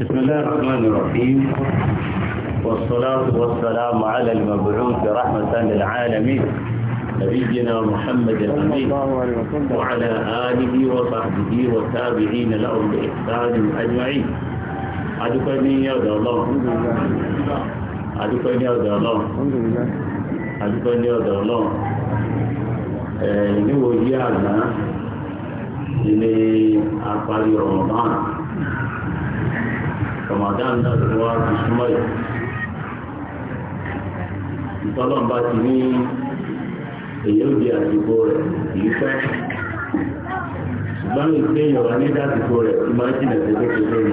بسم الله الرحمن الرحيم والصلاة والسلام على المبعوث رحمة للعالمين نبينا محمد الأمين وعلى آله وصحبه والتابعين لهم بإحسان أجمعين أدكني يا الله أدكني يا الله أدكني يا الله إنه وجيعنا إلى أقل رمضان Ramadan náà ló wá fi súnmọ́ yìí ìtọ́lọ́mbà ti ní èyí ó di àsìkò rẹ̀ kìí fẹ́ ṣùgbọ́n ìgbé yọ̀rọ̀ ní dásìkò rẹ̀ tí máa ń jìnà sí kékeré ni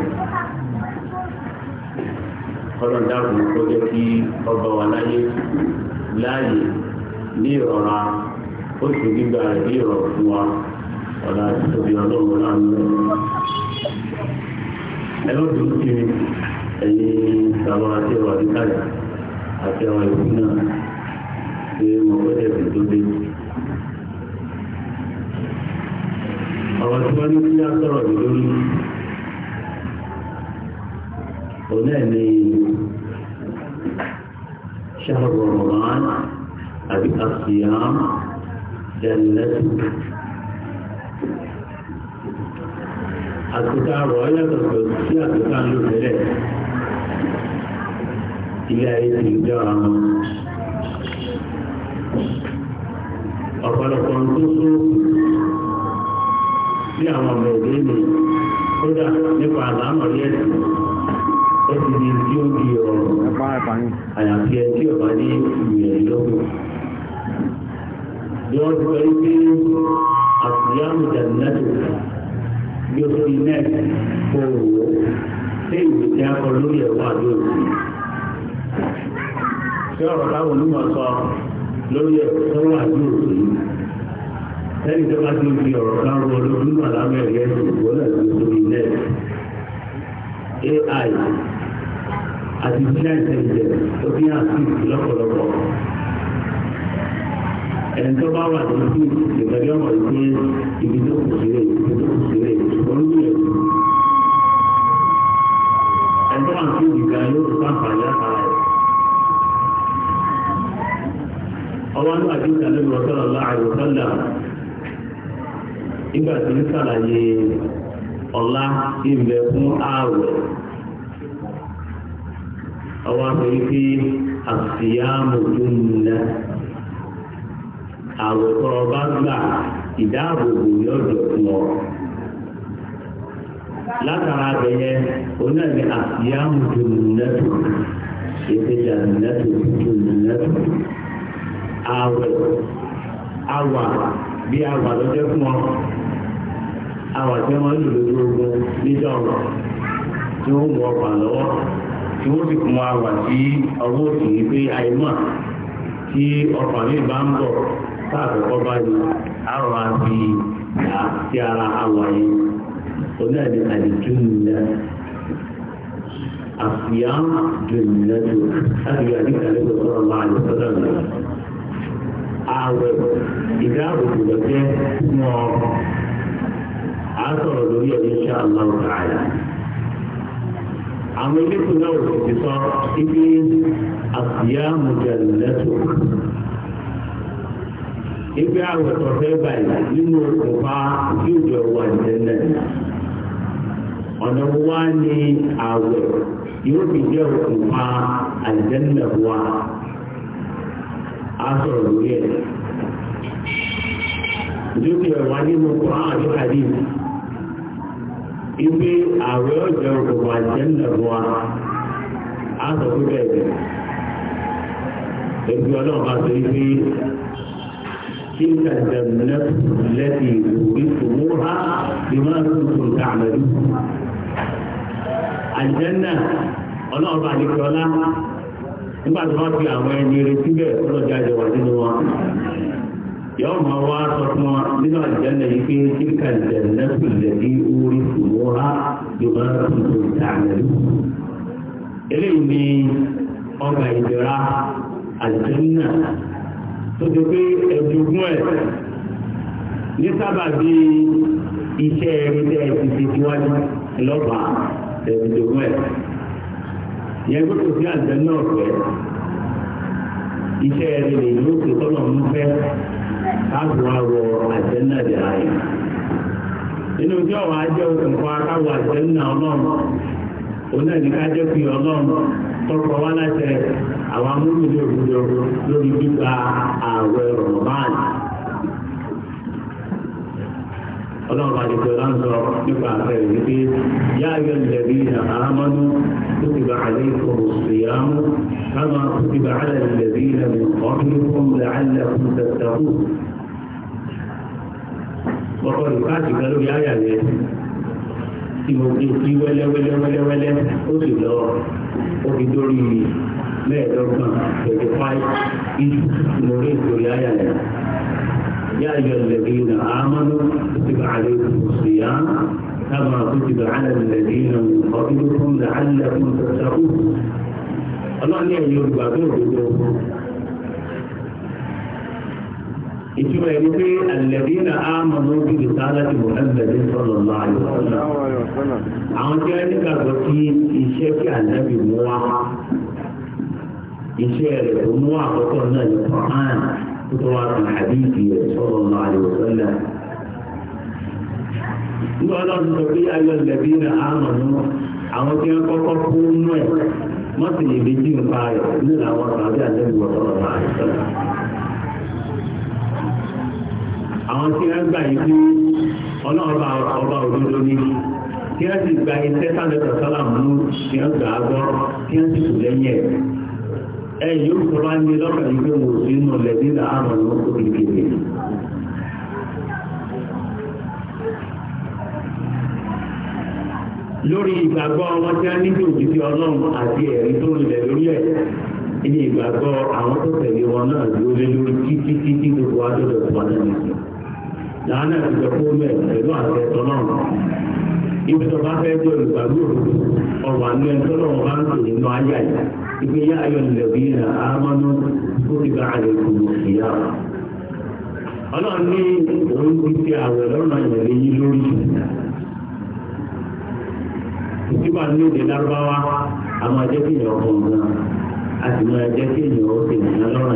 kọ́lọ̀ dáàbò tó jẹ́ kí ọba wa láyé láàyè ní ìrọ̀ra ó sì gbígbà ìrọ̀ fún wa ọ̀la tóbi ọlọ́run láàánú rẹ̀ ẹlọ́dún kí ni ẹ̀yin sàwọn àti ọ̀rọ̀ àdíkàlẹ̀ àti àwọn ìlú náà ṣe mọ̀ pẹ́lẹ́ ẹ̀sìn tó dé. ọ̀rọ̀ tí wọ́n ní kí á sọ̀rọ̀ lórí òun náà ni ṣàrọ̀ àbí àṣìyàn jẹ́ àtúntà rọ̀ yàtọ̀tọ̀ sí àtúntà ń lò tẹ́lẹ̀ ilé ayé ti ń dára wọn ọ̀pọ̀lọpọ̀ ń tó tó sí àwọn ọmọ òde mi kódà nípa àlámọ̀rí ẹ̀sìn ó ti di tí ó di ọ̀rọ̀ àyàfi ẹ tí ọba ní ìrìn bí wọ́n ti sọ pé àtìyámù jàdínlẹ́tò bí o fi net kó o wò ṣé ìwé tí a kọ lórí ẹ̀wọ́ àbí òsì ṣé ọ̀rọ̀ táwọn onímọ̀ sọ lórí ẹ̀wọ́ àbí òsì ẹni tó bá ti ń fi ọ̀rọ̀ kan rọ lójúmọ̀ lábẹ́rẹ́ ẹ̀sìn ìwọ́lẹ̀ lórí net AI àti business intelligence tó fi hàn sí lọ́pọ̀lọpọ̀ ẹni tó bá wà nínú ìgbàgbé ọmọ ìgbé ibi tó kù sílẹ̀ ibi tó kù sílẹ̀ olúyẹ̀wò ẹni tó wà ní ìgbà yóò tó káfàáyé àtàrà ẹ̀. ọwọ́ ní àdúgbò àdúgbò ọ̀sán ọ̀la àìwòsánlá nígbà tí ń sàlàyé ọ̀la ìbẹ̀ fún ààwẹ̀ ọwọ́ àpẹẹrẹ pé àṣìyá mọ̀tún nìyẹn àwòkọ́ bá gbà ìdáàbòbò yọ̀dọ̀ fún ọ. látara abẹ́yẹ onáàgbé àfihàn jòmùnẹ́tò ètò jàmùnẹ́tò jòmùnẹ́tò àwẹ̀ àwà bí àwà lọ́jọ́ fún ọ àwà tí wọ́n lò lójú ogun níjọ́ ọ̀rọ̀ tí wọ́n mú ọkọ̀ lọ́wọ́ tí wọ́n sì kún àwà sí ọwọ́ òsì pé àìmọ̀ tí ọkọ̀ mi bá ń bọ̀ káàkọ́kọ́ báyìí àrọ̀ àbí àti ara àwàyé onídàájú àdìjúnilá àfihàn jùnilẹ́tò láti rí àdìkàlẹ́ sọ̀rọ̀ máa lè sọ́dọ̀ rẹ̀ ààwẹ̀ ìdáàbòbò lọ jẹ́ fún ọ a sọ̀rọ̀ lórí ẹ̀ insha Allah ta'ala àwọn ilé tó náà ò sì sọ ibi àfihàn jùnilẹ́tò ibi àwọn tọ̀fẹ́ báyìí nínú òkùnfà tí ó jọ wà nílẹ̀ ọ̀nà wa ni àwẹ̀ yóò fi jẹ́ òkùnfà àjẹ́nà wa a sọ̀rọ̀ lórí ẹ̀ dúkìá wa nínú kùnfà àti hadith ibi àwẹ̀ ọjọ́ òkùnfà àjẹ́nà wa a sọ̀rọ̀ lórí ẹ̀ ẹgbẹ́ ọlọ́run bá sọ ibi تلك الجنة التي أورثتموها بما كنتم تعملون الجنة ọlọ́run bá dìkọ̀ ọlá nígbà tí wọ́n fi àwọn ẹni rẹ̀ síbẹ̀ lọ́jà ìjọba nínú wọn yọ́ ma wá sọ fún wọn nínú àjẹ́nà yìí pé kíkà ìjẹ̀nà pìlẹ̀ ní orí fòwọ́rá yóò máa tuntun ìdáàmẹ́lú eléyìí ni ọgbà ìjọra àjẹ́nà tó ti pé ẹ̀jọ̀gún ẹ̀ ní sábà bí iṣẹ́ ẹ̀rí tẹ́ ẹ̀ ti fi síwájú lọ́bàá ẹ̀jọ̀gún ẹ̀ yẹn gbé kò sí àgbẹ̀ náà fẹ́ iṣẹ́ ẹ̀rí lè yóò tó tọ́nà ń fẹ́ àgbẹ̀ náà dẹ̀ tọ́kọ wá láti àwọn amúlùmí òkúdọ lórí gbígba ààwẹ̀ rọ̀mọ̀bán. ọlọ́run bá dìbò láńsọ nípa àfẹ́ ìdíbí yá ayọ̀ ìjẹ̀bí ìnà tó ti bá àlẹ́ ìfọ̀rọ̀ síyámú káwọn tó ti bá àlẹ́ ìjẹ̀bí ìnà ọ̀dún fún làálẹ̀ fún tẹ̀tẹ̀kù. ọkọ̀ ìfáàtì kan lórí ayà yẹn tí mo fi sí wẹ́lẹ́wẹ́lẹ́ wẹ́lẹ́wẹ́lẹ́ ó sì lọ ó fi dórí mi mẹ́ẹ̀ẹ́dọ́gbọ̀n twenty five inch mo rí ìtòrí àyà rẹ̀. يا أيها الذين آمنوا كتب عليكم الصيام كما كتب على الذين من قبلكم لعلكم تتقون. الله يا أيها الذين آمنوا ìtumọ̀ ẹni pé àlẹ́dínà àmọ́nà bí i sáádà ti wọ́n ẹgbẹ̀rẹ̀ sọ̀rọ̀ láàyò àwọn tí wọ́n nígbàgbọ́ sí iṣẹ́ kí ànábì mú wá iṣẹ́ rẹ̀ tó mú àkọ́kọ́ náà ní kọ́hán tó tó wá sí àdíìsì rẹ̀ sọ̀rọ̀ láàyò sọ́lá ní ọlọ́run sọ pé ayọ̀ àlẹ́dínà àmọ́nà àwọn tí wọ́n kọ́kọ́ kú nú ẹ̀ mọ́sìlì méjì ń pa rẹ̀ ní àwọn àbí àlẹ́bí wọ́n sọ̀rọ̀ láàyò sọ́lá àwọn tí wọ́n gbà yìí ọlọ́ọ̀bà ọba òdodo ní tí wọ́n sì gba iṣẹ́ sálẹ̀tọ̀ sálà mú tí wọ́n gbà á gbọ́ tí wọ́n sì kù lẹ́yìn ẹ̀ ẹ yóò sọ bá ní lọ́kàn yìí pé mo sì nù lẹ́bí là àmọ̀ ní oṣù kékeré lórí ìgbàgbọ́ wọn tí wọ́n níbi òjijì ọlọ́run àti ẹ̀rí tó ń lẹ̀ lórí ẹ̀ ní ìgbàgbọ́ àwọn tó tẹ̀lé wọn náà lórí lórí títí títí gbogbo adọ́dọ̀ tó wọn náà nìyẹn làánà ìjọ fún mẹ pẹ̀lú àṣẹ tọ́lọ́run ibi tó bá fẹ́ jẹ́ olùgbàgbọ́ ọ̀rọ̀ àánú ẹ̀ tọ́lọ́run bá ń tò nínú ayé àyè ibi yá ayọ̀ lẹ̀bí nà ámánú kúrìbà àlẹ́kùn ìyá ọlọ́run ní òun ti fi àwẹ̀ lọ́nà ìrẹ̀lẹ́ yìí lórí ìjọba ní èdè lárúbáwá a máa jẹ́ kí èèyàn ọkọ̀ ọ̀gbọ́n a sì máa jẹ́ kí èèyàn ó sì nà lọ́rọ̀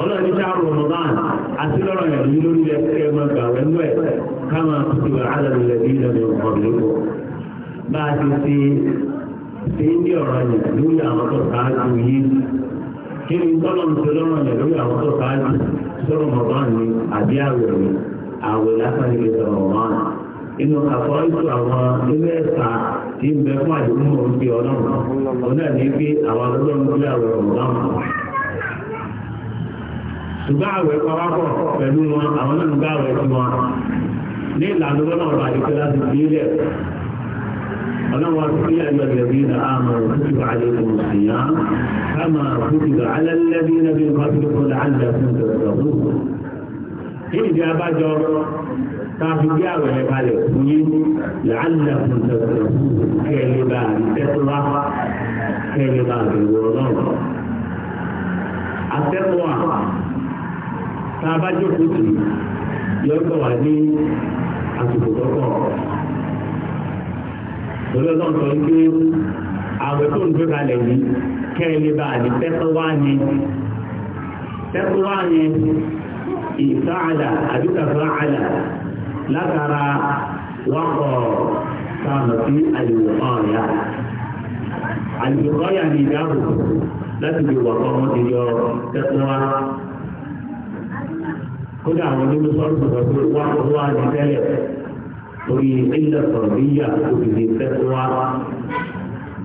ọlọ́ọ̀ni sáàrù Ramadan àti lọ́rọ̀ yẹn ní lórí ẹ̀ kẹ́ máa gbà wẹ́ nú ẹ̀ ká máa fi wà á lẹ́nu lẹ́bí ìlànà ọ̀gbìnkù bá a ti ṣe ṣe ń dí ọ̀rọ̀ yẹn lórí àwọn tó sáájú yìí kí ni tọ́lọ̀ ń ṣe lọ́rọ̀ yẹn lórí àwọn tó sáájú sọ̀rọ̀ Ramadan ni àbí àwẹ̀ àwẹ̀ lásán ni ń bẹ fún àdúgbò ń gbé ọlọ́run ọ̀nà ní pé àwọn ọlọ́run gbé àwẹ̀ Ramadan ṣùgbọ́n àwẹ̀ pàwápọ̀ pẹ̀lú wọn àwọn náà ń gbá àwẹ̀ sí wọn ní ìlànà lọ́nà ọ̀rọ̀ àdìpẹ́ láti fi ilẹ̀ ọlọ́wọ́ sí ẹgbẹ̀rẹ̀bí na àmà òkútù àdéhùn ìyá kama òkútù alẹ́lẹ́bí tó kọ́ láàrín ẹ̀fún ìdọ̀dọ̀dọ̀ ìdí abájọ táàfi bí àwẹ̀ kalẹ̀ fún yí láàrín tá a bá jókòó sí yọ̀ọ̀kọ̀ wà ní àsìkò tọ́kọ̀ lórí ọlọ́run sọ pé àwẹ̀ tó ń gbé kalẹ̀ yìí kẹ́lẹ́ bá ní tẹ́kọ̀ wá ní tẹ́kọ̀ wá ní ìsáàlà àdúgbàfà àlà látara wákọ̀ sáàmù sí àlùwọ̀ọ́yà àlùwọ̀ọ́yà ní ìdáàbò láti lè wà kọ́ ọmọdé yọ tẹ́kọ̀ wá kódà àwọn nínú sọ́ọ̀rù sọ̀rọ̀ pé wá wá ní tẹ́lẹ̀ orí ilẹ̀ sọ̀rọ̀ yíyà òkèlè fẹ́ wá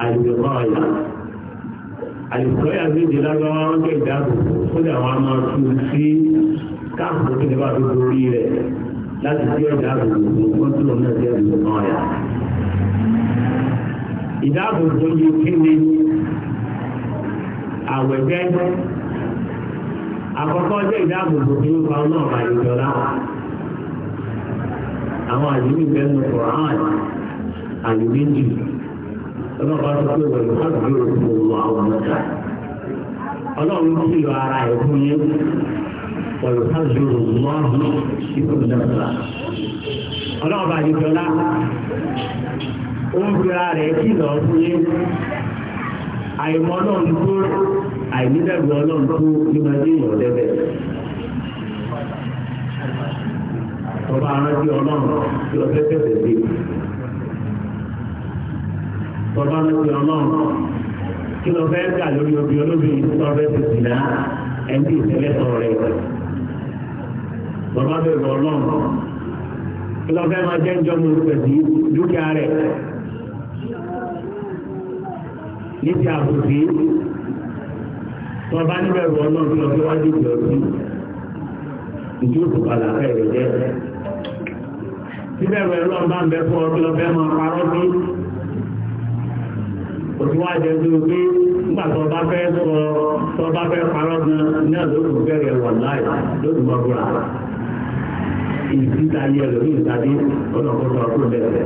àyùbẹ̀kọ́ ọ̀yà àyùbẹ̀kọ́ ọ̀yà méje lágbára wọn jẹ́ ìdáàbò kódà àwọn a máa tún sí káàkiri tó nípa tó lórí rẹ̀ láti jẹ́ ìdáàbò òkun tó náà jẹ́ àyùbẹ̀kọ́ ọ̀yà. ìdáàbò tó yẹ kí ni àwẹ̀ jẹ́ àkọ́kọ́ jẹ́ ìdáàbòbò tí ó pa ọlọ́run àyíjọ láwọn àwọn àyíní ìgbẹ́nu Quran àyíní jù ọlọ́pàá tó pé wọ̀nyí káàkiri òkú òun àwọn ọ̀nà ọlọ́run sì lọ ara ẹ̀ fún yín wọ̀nyí káàkiri òun ọ̀hún ìkú ìdàgbà ọlọ́run àyíjọ lá ó ń fi ara rẹ̀ kí lọ́ọ́ fún yín àìmọ́ náà ń dúró àìníbẹ̀rù ọlọ́run tó ní máa dé èèyàn lẹ́bẹ̀. ọba arántí ọlọ́run tí ọfẹ́ tẹ̀sẹ̀ sí. ọba arántí ọlọ́run kí lọ fẹ́ gà lórí obì olóbìnrin tó ọfẹ́ ti sì náà ẹni ìṣẹ̀lẹ̀ sọ̀rọ̀ rẹ̀. ọba bẹ̀rù ọlọ́run kí lọ fẹ́ máa jẹ́ ń jọ́mu pẹ̀sì dúkìá rẹ̀. ní ti àbùsí wọn bá níbẹ̀ rọ ọlọ́run lọ síwájú ìjọ sí ìjú òkùnkà làkẹ́ rẹ̀ jẹ́ síbẹ̀ rẹ̀ lọ́n bá ń bẹ fún ọdún ọbẹ̀ máa parọ́ sí òtún wá jẹ́ sí pé nígbà tó bá fẹ́ sọ tó bá fẹ́ parọ́ gan náà lóòrùn bẹ̀rẹ̀ wọ̀ láì lóòrùn mọ́gbọ́ra ìdíta yẹ lórí ìtàdé ọlọ́kọ̀ọ́kọ́ bẹ̀rẹ̀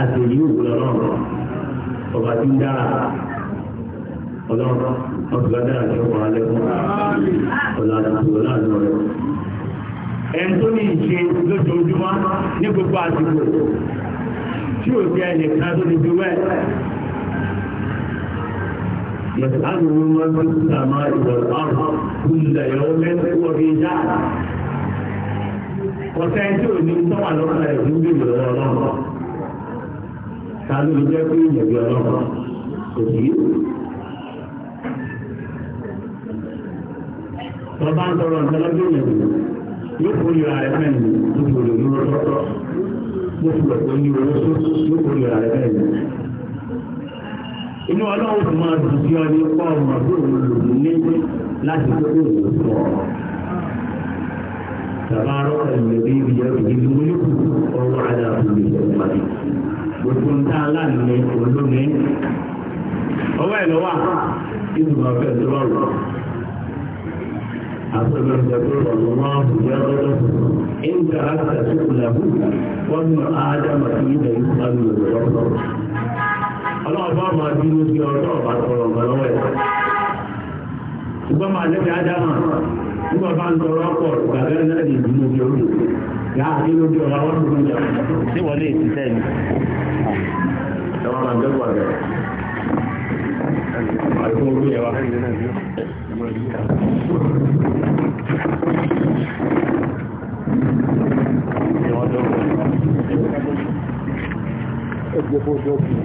àti èyí òkú lọ́rọ̀ ọba tí ń dára ọlọ́run ọ̀sùnká dára ní ọkọ̀ alẹ́ fún ọ̀làdùn ọ̀làdùn rẹ̀. ẹn tó ní ìṣe lójoojúmọ́ ní gbogbo àsìkò tí ò jẹ́ ẹnìkan tó ti dúwẹ́ يسأله من في السماء والأرض كل يوم هو في جعل وسيأتي من طبعا لو كان يجوز بالغرام ta ló jẹ́ pé ìyẹ̀bí ọlọ́run kò sí. wọ́n bá ń sọ̀rọ̀ ìtọ́lọ́jọ́ ìyẹ̀bí yóò forí ra rẹ̀ mẹ́rin ló fi òde ní owó tọ́tọ́ ló fi òde ní owó tó yóò forí ra rẹ̀ mẹ́rin. inú ọlọ́run tó máa dùn sí ọdún pọ̀ ọmọ tó òun lò ní nígbè láti tó kó òun sọ تبارك الذي بيده الملك وهو على كل شيء قدير gbogbo ń tá aláàmì olómi ọwọ́ ẹ̀ lọ́wọ́ ìgbìmọ̀ ọ̀fẹ́ tó rọrùn أقول يقول الله يا رب إن تركت شغله وابن آدم في يسأل الرب Ọlọ́run bá máa bínú bí ọjọ́ ọ̀bá tọrọ ọ̀gá lọ́wọ́ ẹ̀. Ṣùgbọ́n máa lẹ́gbẹ̀ẹ́ Ádámà, nígbà bá ń tọrọ ọ̀pọ̀ ìgbàgbẹ́ náà Tí wọ́n lè ti tẹ́lẹ̀. Ẹwà máa gbẹ́gbà rẹ̀. Àìkún orí ẹwà. Ẹgbẹ́ bó dọ́kùn.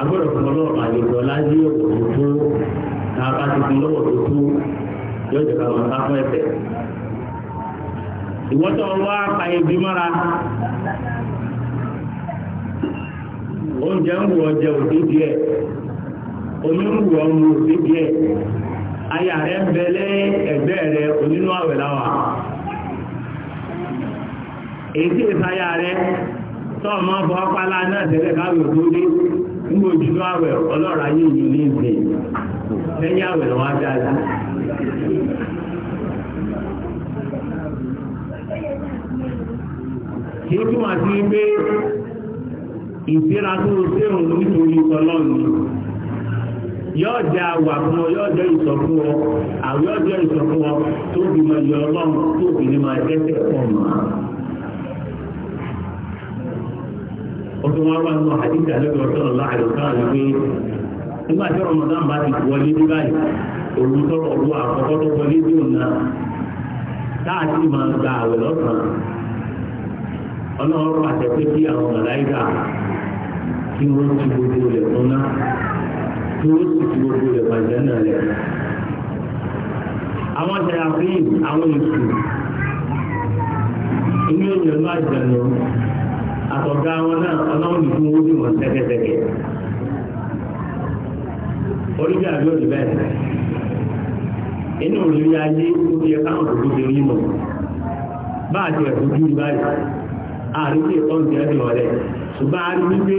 agbọ́dọ̀ fún ọlọ́run àyẹ̀wò láyé òkú tó tá a bá ti fi lọ́wọ́ tó tó yóò jẹ́ ká wọn ká fún ẹ̀fẹ̀. ìwọ́tọ̀ wá àyè bí mọ́ra oúnjẹ ń wù ọjẹ òdí díẹ̀ omi ń wù ọmọ òdí díẹ̀ aya rẹ ń bẹ lé ẹgbẹ́ rẹ onínú àwẹ̀ láwà èyí tí ìsáyà rẹ tọ́ ọmọ bọ́ pálá náà tẹ́lẹ̀ káwé òdó dé nígbà òjìlú àwẹ̀ ọlọrọ anyị ìlú ní ìsìn lẹ́yìn àwẹ̀ lọ́wọ́ ajáda. kí ó túmọ̀ sí tó ṣe òun nítorí ọlọ́run yóò jẹ àwà fún ọ yóò jẹ ìsọ fún ọ àwọn yóò jẹ ìsọ fún ọ ma ọlọ́run tó ní ma ọdún wọn wá nínú àdíkà lẹ́gbẹ̀ẹ́ ọ̀sán láàrin ala àgbẹ̀ nígbà tí Ramadan bá ti wọlé ní báyìí tọrọ àkọ́kọ́ tó wọlé náà àwọn àwọn inú àtọ̀gá wọn náà ọlọ́run nìkú owó tí wọ́n tẹ́kẹ́tẹ́kẹ́ oríṣi àjọ ti bẹ́ẹ̀ inú òrìrí ayé ó ti ẹ̀ka àwọn òkú ti onímọ̀ bá àti ẹ̀kú jú báyìí ààrùn tí ẹ̀kọ́ ti wọlé ṣùgbọ́n a rí wípé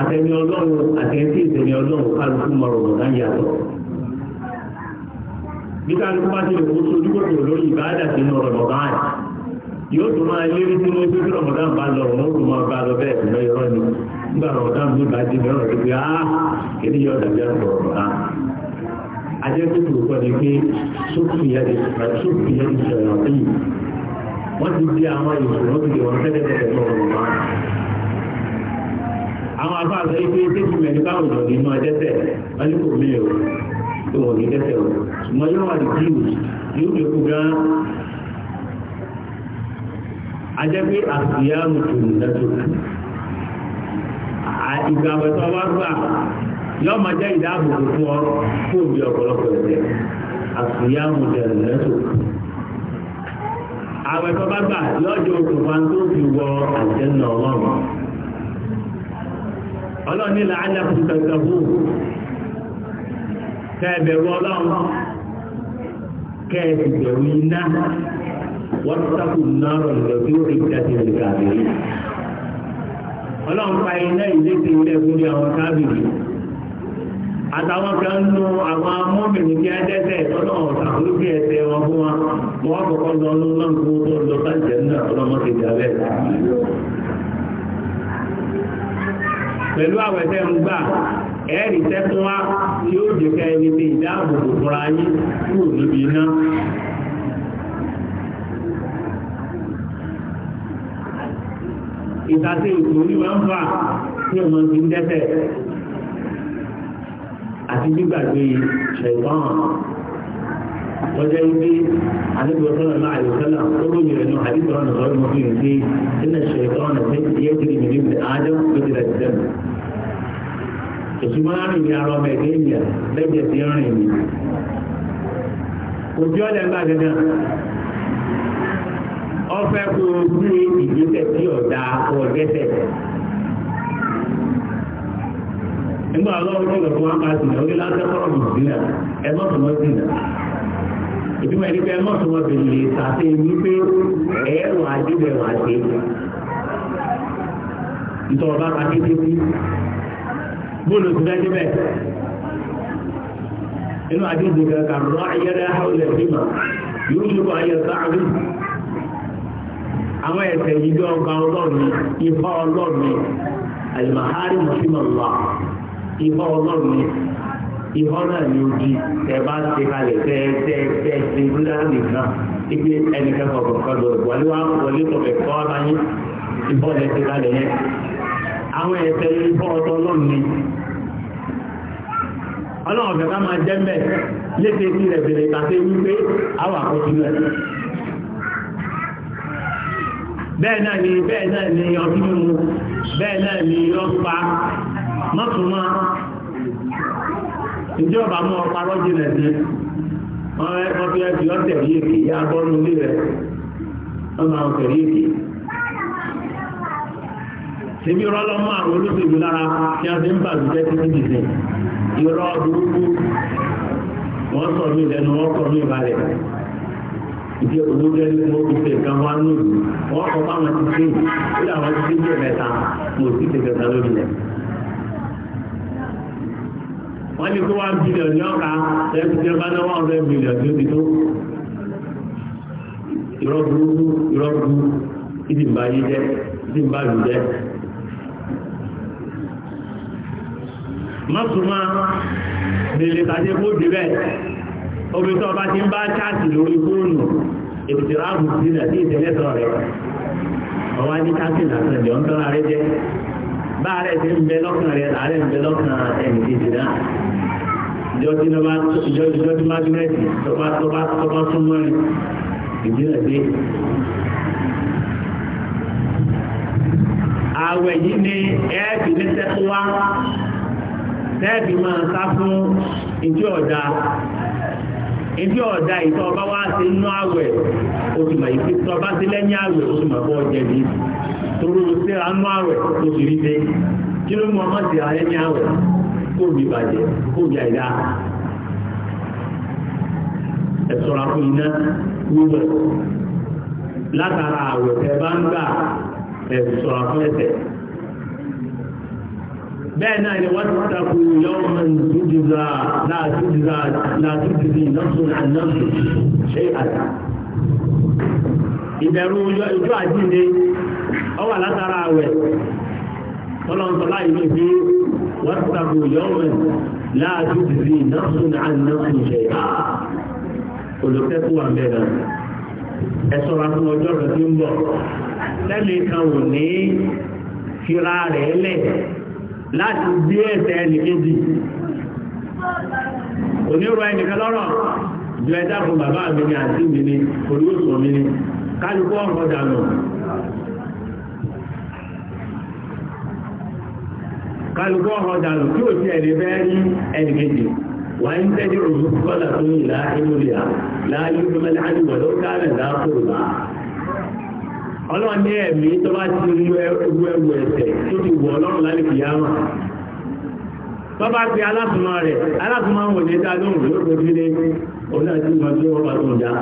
àtẹni ọlọ́run àtẹni ìtẹni ọlọ́run kálukú mọ̀rọ̀ mọ̀tá yàtọ̀ bí kálukú bá ti lè kó sojú kòtò lórí ìbáàdà sínú ọ̀rọ̀ mọ̀tá yóò tún máa lérí tí wọ́n fi rọ̀mọ̀dán bá lọ wọ́n tún máa bá lọ bẹ́ẹ̀ lọ yọrọ ni nígbà rọ̀mọ̀dán mi bá di mẹ́rọ̀ tó fi á kéde yọ dàbí àpò rọ̀mọ̀dán. ajẹ́kùtù kọ́ ni pé sófìyà ti sọ̀rọ̀ yìí wọ́n ti di àwọn ìṣòro ti di wọn tẹ́lẹ̀tẹ́lẹ̀ tó rọ̀mọ̀dán. àwọn afá àgbẹ̀ yìí pé tẹ́kù mẹ́rin báwọn ìjọ nínú ẹ̀dẹ́sẹ̀ wọ́n ní kò mí o tó wọ́n ní dẹ́sẹ̀ o ṣùgbọ́n yóò wà ní ajẹ́bí àfihàn tòun lẹ́tọ̀ ìgbà àwẹ̀tọ́ wá gbà yọ́ máa jẹ́ ìdáàbòbò fún ọ fún òbí ọ̀pọ̀lọpọ̀ ẹ̀jẹ̀ àfihàn tòun lẹ́tọ̀ àwẹ̀tọ́ bá gbà lọ́jọ́ òkùnfà tó fi wọ àjẹ́nà ọlọ́run ọlọ́ni làálẹ̀ fún tẹ̀tẹ̀bù kẹ́ẹ̀bẹ̀rù ọlọ́run kẹ́ẹ̀bẹ̀rù iná واتقوا النار التي أعدت للكافرين ọlọ́run pa iná ìlékè ilé ẹ̀kún ní àwọn kábìrì àtàwọn kan nu àwọn amóbìnrin tí a dẹ́sẹ̀ ọlọ́run tàbí bí ẹsẹ̀ wọn fún wa wọn kọ́kọ́ lọ ní náà kó tó lọ bá jẹ́ náà ọlọ́mọ ti jà bẹ́ẹ̀. pẹ̀lú àwẹ̀tẹ̀ ń gbà ẹ̀rì tẹ́kún wa yóò jẹ́ ká ẹni tí ìdáàbòbò fúnra yín kúrò níbi iná ìtàtí ìlú ní wọ́n fà tí ọmọ ti ń dẹ́sẹ̀ àti gbígbàgbé ṣẹ̀gbọ́n lọ́jọ́ ibi àdébò sọ́nà náà àyọ̀sọ́nà tó lóye rẹ̀ náà àdébò ọ̀nà lọ́rùn mọ́ fìyàn sí nínú ṣẹ̀gbọ́n ọ̀nà tí ìyẹ́ ti rí nínú àádọ́ tó ti rẹ̀ ti dẹ́nu. òṣùmọ́ rìn ní ara ọmọ ẹ̀gẹ́ ènìyàn lẹ́jẹ̀ sí rìn ní. òjò ọ̀dẹ̀ ń bá gẹ́gẹ́ ọfẹ́ kó o gbé ìgbésẹ̀ tí ọ̀dà ọ̀dẹ́sẹ̀. nígbà ọlọ́run tó lọ fún wọn pàṣẹ ìyàwó láti ọ̀rọ̀ ìdílé ẹ mọ̀ tó mọ̀ sí ìlà. ìdúmọ̀ ẹni pé ẹ mọ̀ tó mọ̀ sí ìlè tàbí ẹni pé ẹ̀rọ àdébẹ̀ wà dé. ìtọ̀ ọba akéde sí bóòlù ti dájú bẹ́ẹ̀. inú àdéhùn kan kà rọ àwọn ẹ̀ṣẹ̀ yìí bí ọba ọlọ́run ni ifá ọlọ́run ni àlùmáhárì mùsùlùmọ̀ ifá ọlọ́run ni ifá náà ni ojú ẹ bá ṣe kalẹ̀ tẹ́ tẹ́ tẹ́ ṣe ńlá nìkan ibi ẹnìkan kọ̀ọ̀kan kan lọ wọlé wá wọlé kọ̀ọ̀kan kọ́ ọ́lá yín ifá ọlẹ́ ṣe kalẹ̀ yẹn àwọn ẹ̀ṣẹ̀ yìí ifá ọtọ́ ọlọ́run ká máa jẹ́ mbẹ́ léṣe bẹ́ẹ̀ náà ni bẹ́ẹ̀ náà ni ọdún mímu bẹ́ẹ̀ náà ni ọpa mọ́túnmá ìjọba mọ́ ọpa rọ́jì rẹ̀ sí wọ́n fi ẹ̀jì èkì yá bọ́ọ̀lù ilé rẹ̀ wọ́n máa èkì. àwọn olóṣèlú lára kí a fi ń bàjẹ́ títí dìde. Irọ́ burúkú wọ́n sọ mí lẹ́nu wọ́n ìdí olórí ẹni mo ti wá ní ìlú wọn kọ fáwọn ti ṣe ó lé àwọn ti ṣe díẹ̀ mẹ́ta mo ti ṣe lórí rẹ̀. wọ́n kó wá bílíọ̀nù ní ọ̀ka ẹ̀kú tí ẹ bá náwó ọ̀rẹ́ bílíọ̀nù tó ti tó. irọ́ burúkú irọ́ burúkú ìdí ń bá yé jẹ́ ìdí ń bá lù jẹ́. mọ́tò máa lè lè kó bẹ́ẹ̀. obi tó ọba ti ń bá chaati lórí fóònù ìfìtìráàbù sí náà sí ìtẹ̀lẹ́tọ̀ rẹ̀ ọwá ní chaati lásán ìjọ ń tọ́ra rẹ jẹ́ bá rẹ̀ ti ń bẹ lọ́kàn rẹ̀ ń bẹ lọ́kàn náà ìjọ tí ìjọ ìjọ tí dé. àwẹ̀ yìí ni ẹ́ẹ̀bì ní sẹ́kúwá máa sá fún ìjọ ọ̀dà ibi ọ̀dà ìtọ́ ọba wá sí inú àwẹ̀ òtùmọ̀ ìfi tọ́ bá sí lẹ́yìn àwẹ̀ òtùmọ̀ bọ́ jẹ̀bi torú sí anú àwẹ̀ tó sì rí dé kí ló mú ọmọ sí ayé ní àwẹ̀ kó bí bàjẹ́ kó bí àìdá ẹ̀sọ́ra fún iná wúwẹ̀ látara àwẹ̀ tẹ bá ń gbà ẹ̀sọ́ra fún ẹ̀sẹ̀ bẹ́ẹ̀ náà ni wọ́n tọ́ta kú yọ́wọ́ mọ̀ tùdìzà látùdìzà látùdìzì lọ́sùn àlọ́sùn ṣe àtà ìbẹ̀rù ojú àjíǹde ọ wà látara àwẹ̀ tọ́lọ́ntọ́lá ìlú ìfi wọ́n tọ́ta kú yọ́wọ́ mọ̀ látùdìzì lọ́sùn àlọ́sùn ṣe àtà olùkẹ́kù wà mẹ́rin ẹ ṣọ́ra fún ọjọ́ rẹ̀ tí ń bọ̀ lẹ́mìí kan fira rẹ̀ láti gbé ẹ̀sẹ̀ ẹnìkejì onírò ẹnìkan lọ́rọ̀ jọ ẹ̀dá fún bàbá mi ní àti mi ní olóòsùn mi ní kálukú ọ̀rọ̀ dànù kálukú ọ̀rọ̀ dànù tí ò sí ẹ̀lẹ́ fẹ́ rí ẹnìkejì wà ń tẹ́jú òṣùpù kọ́lá tó ìlà ọlọ́run ní ẹ̀mí tó bá ti lu ẹrù ẹrù ẹ̀ṣẹ̀ tó ti wọ̀ ọlọ́run láti kìyàmà tó bá ti alásùnmọ́ rẹ̀ alásùnmọ́ wò ní dá lóhùn ló fi lé ọ̀nà tí wọ́n tí wọ́n bá tó dá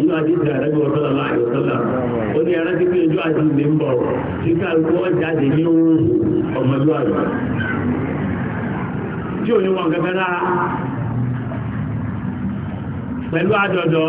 inú àdìsí àrẹ́bí ọ̀sọ́lá láàyè ọ̀sọ́lá ó ní ẹran tí péjú àti ilé ń bọ̀ kíkà ikú ọ̀jáde ní òun ọmọlúwàbí tí ò ní wọn kẹfẹ́ rárá pẹ̀lú àdọ̀dọ̀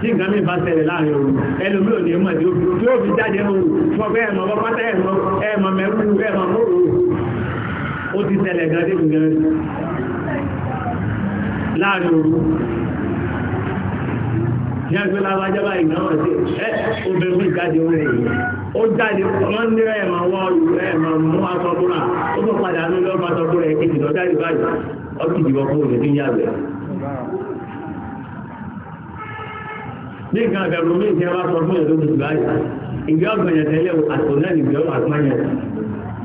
tí nǹkan mi bá ṣẹlẹ̀ láàrin òru ẹlòmí ò ní mọ̀ tí ó fi jáde òru fọ́fẹ́ ẹ̀mọ̀ bọ́pátá ẹ̀mọ̀ mẹ́rú ẹ̀mọ̀ mọ́rò ó ti ṣẹlẹ̀ gan dé nǹkan láàrin òru ní àgbẹ̀ lára jábá ìgbàmọ̀ sí ẹ́ obìnrin jáde orí rẹ̀ ó jáde wọ́n ní ẹ̀mọ̀ wọ́n rú ẹ̀mọ̀ mú asọ́kúnra ó tó padà ní lọ́pàá sọ́kúnra ẹ̀kejì lọ́jáde báyìí ọkìjì wọ́pọ̀ òní ní nǹkan àgbàgbà omi ìṣẹ́ wa sọ fún ìyẹ̀dọ́ gbogbo ayé ìgbé ọ̀gbọ̀n yẹn tẹ́lẹ̀ àtọ̀lẹ́ ìgbé àpáyẹ̀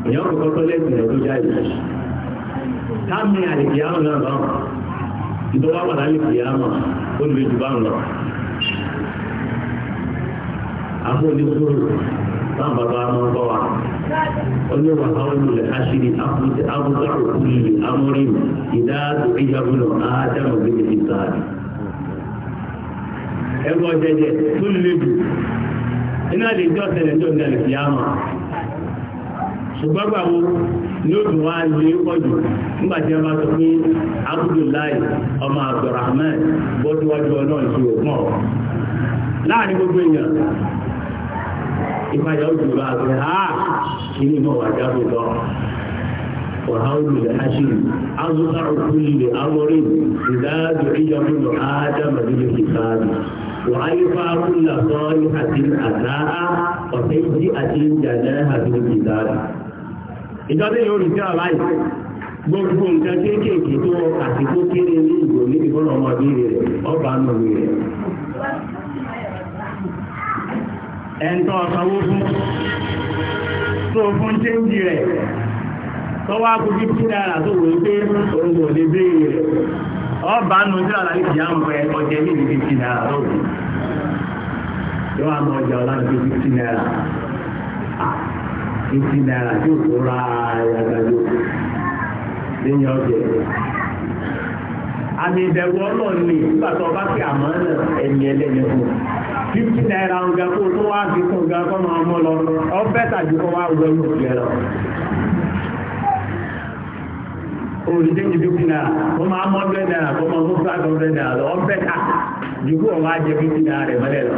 ìyẹn kọ̀kọ́ tó lẹ́sìn ẹ̀ tó jáde táàmì àdìgbì àmọ̀ náà lọ ìtọ́wá wà lálẹ́gbì àmọ̀ ó lè jù bá ń lọ àwọn onígbòrò náà bàbá máa ń bọ́ wa oníwà àwọn olùlẹ̀ aṣírí àbúrò àkùnrin àmúrin ìdá àdùn ìyàwó náà á dáhùn bí mi ti sáà ẹ̀rọ jẹjẹ tó lè jù iná lè jọ tẹ̀lẹ̀ tó ní àlèkì àmà ṣùgbọ́n gbàgbó ní ó dùn wá lé pọ̀jù nígbà tí a bá sọ ọmọ Abdulrahman bọ́dúwájú ọ náà ṣe láàrin gbogbo èèyàn ìfàyà ojú bá gbé ha kí ni mo wà jáde lọ وحول الحشر أضع كل أمر إذا دعي ابن آدم بالكتاب وأيضا كل صالحة أتاها وسيئة جناها في الكتاب ìjọba yóò rí sí ọ̀la yìí gbogbo nǹkan kéékèèké tó àti tó kéré ní ìgò níbi fọlọ ọmọdé rẹ ọba nù rẹ. ẹ̀ńtọ́ ọ̀sánwó fún tó fún chéńjì rẹ̀ tọ́wọ́ akú fífi náírà tó wọ́n pé òun ọba nù sí àlàyé ìyá ń bẹ ọjà ní ìdí fífi náírà lóòrè yóò àmọ́ ọjà ọ̀la ní fífi náírà tó ra àgbàdo lẹ́yìn ọlọ́ọ̀ni ọba pé àmọ́ ẹ̀yìn ẹlẹ́yìn fún un fifty naira ọ̀gá kó tó wá máa lọ olùdíjì fífi náírà kó máa mọ́ bẹ́ẹ̀ náírà kó máa mú lọ ká jùlọ ọ̀wá jẹ fífi náírà rẹ̀ mọ́lẹ̀ lọ.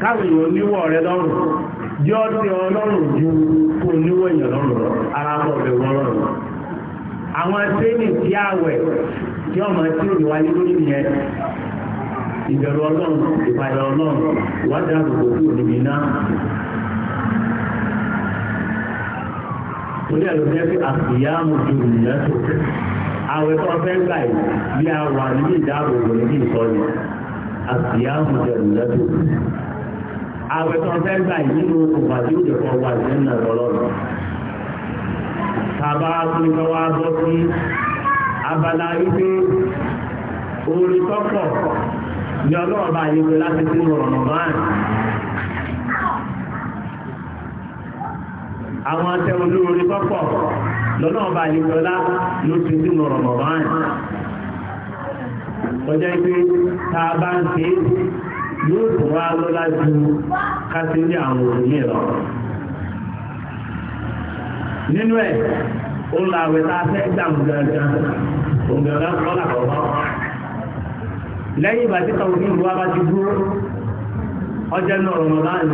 káwọn èèyàn níwọ̀ lọ́rùn jẹ́ ju kó níwọ̀ èèyàn lọ́rùn ara bọ̀ bẹ̀ wọ́n lọ. àwọn tẹ́lẹ̀ tí tí ọmọ tí òní nìyẹn ìbẹ̀rù torí ẹ̀rọ jẹ́ pé àfìyàmù ju ìlẹ́tò àwẹ̀ tó fẹ́ gbà yìí bí a wà ní ìdáàbòbò níbi ìsọ̀rí àfìyàmù ju ìlẹ́tò àwẹ̀ tó fẹ́ gbà yìí nínú ìpàdé òjò kan wà ní ẹ̀nà lọ́lọ́rọ̀ tàbá tún kọ́ wá bọ́ sí abala wípé orin tọ́pọ̀ ni ọlọ́ọ̀bá yìí pé láti sínú ọ̀nà báyìí àwọn atẹ olóore pọ́pọ̀ lọ́nà ọba àlejòlá ló ti sínú Ramadan kọjá pé tá a bá ń ṣe yóò tún wá lọ́lá ju kásí ní àwọn òṣèlú lọ. nínú ẹ̀ ó la àwẹ̀ tá a fẹ́ dàmú gangan òǹgàngán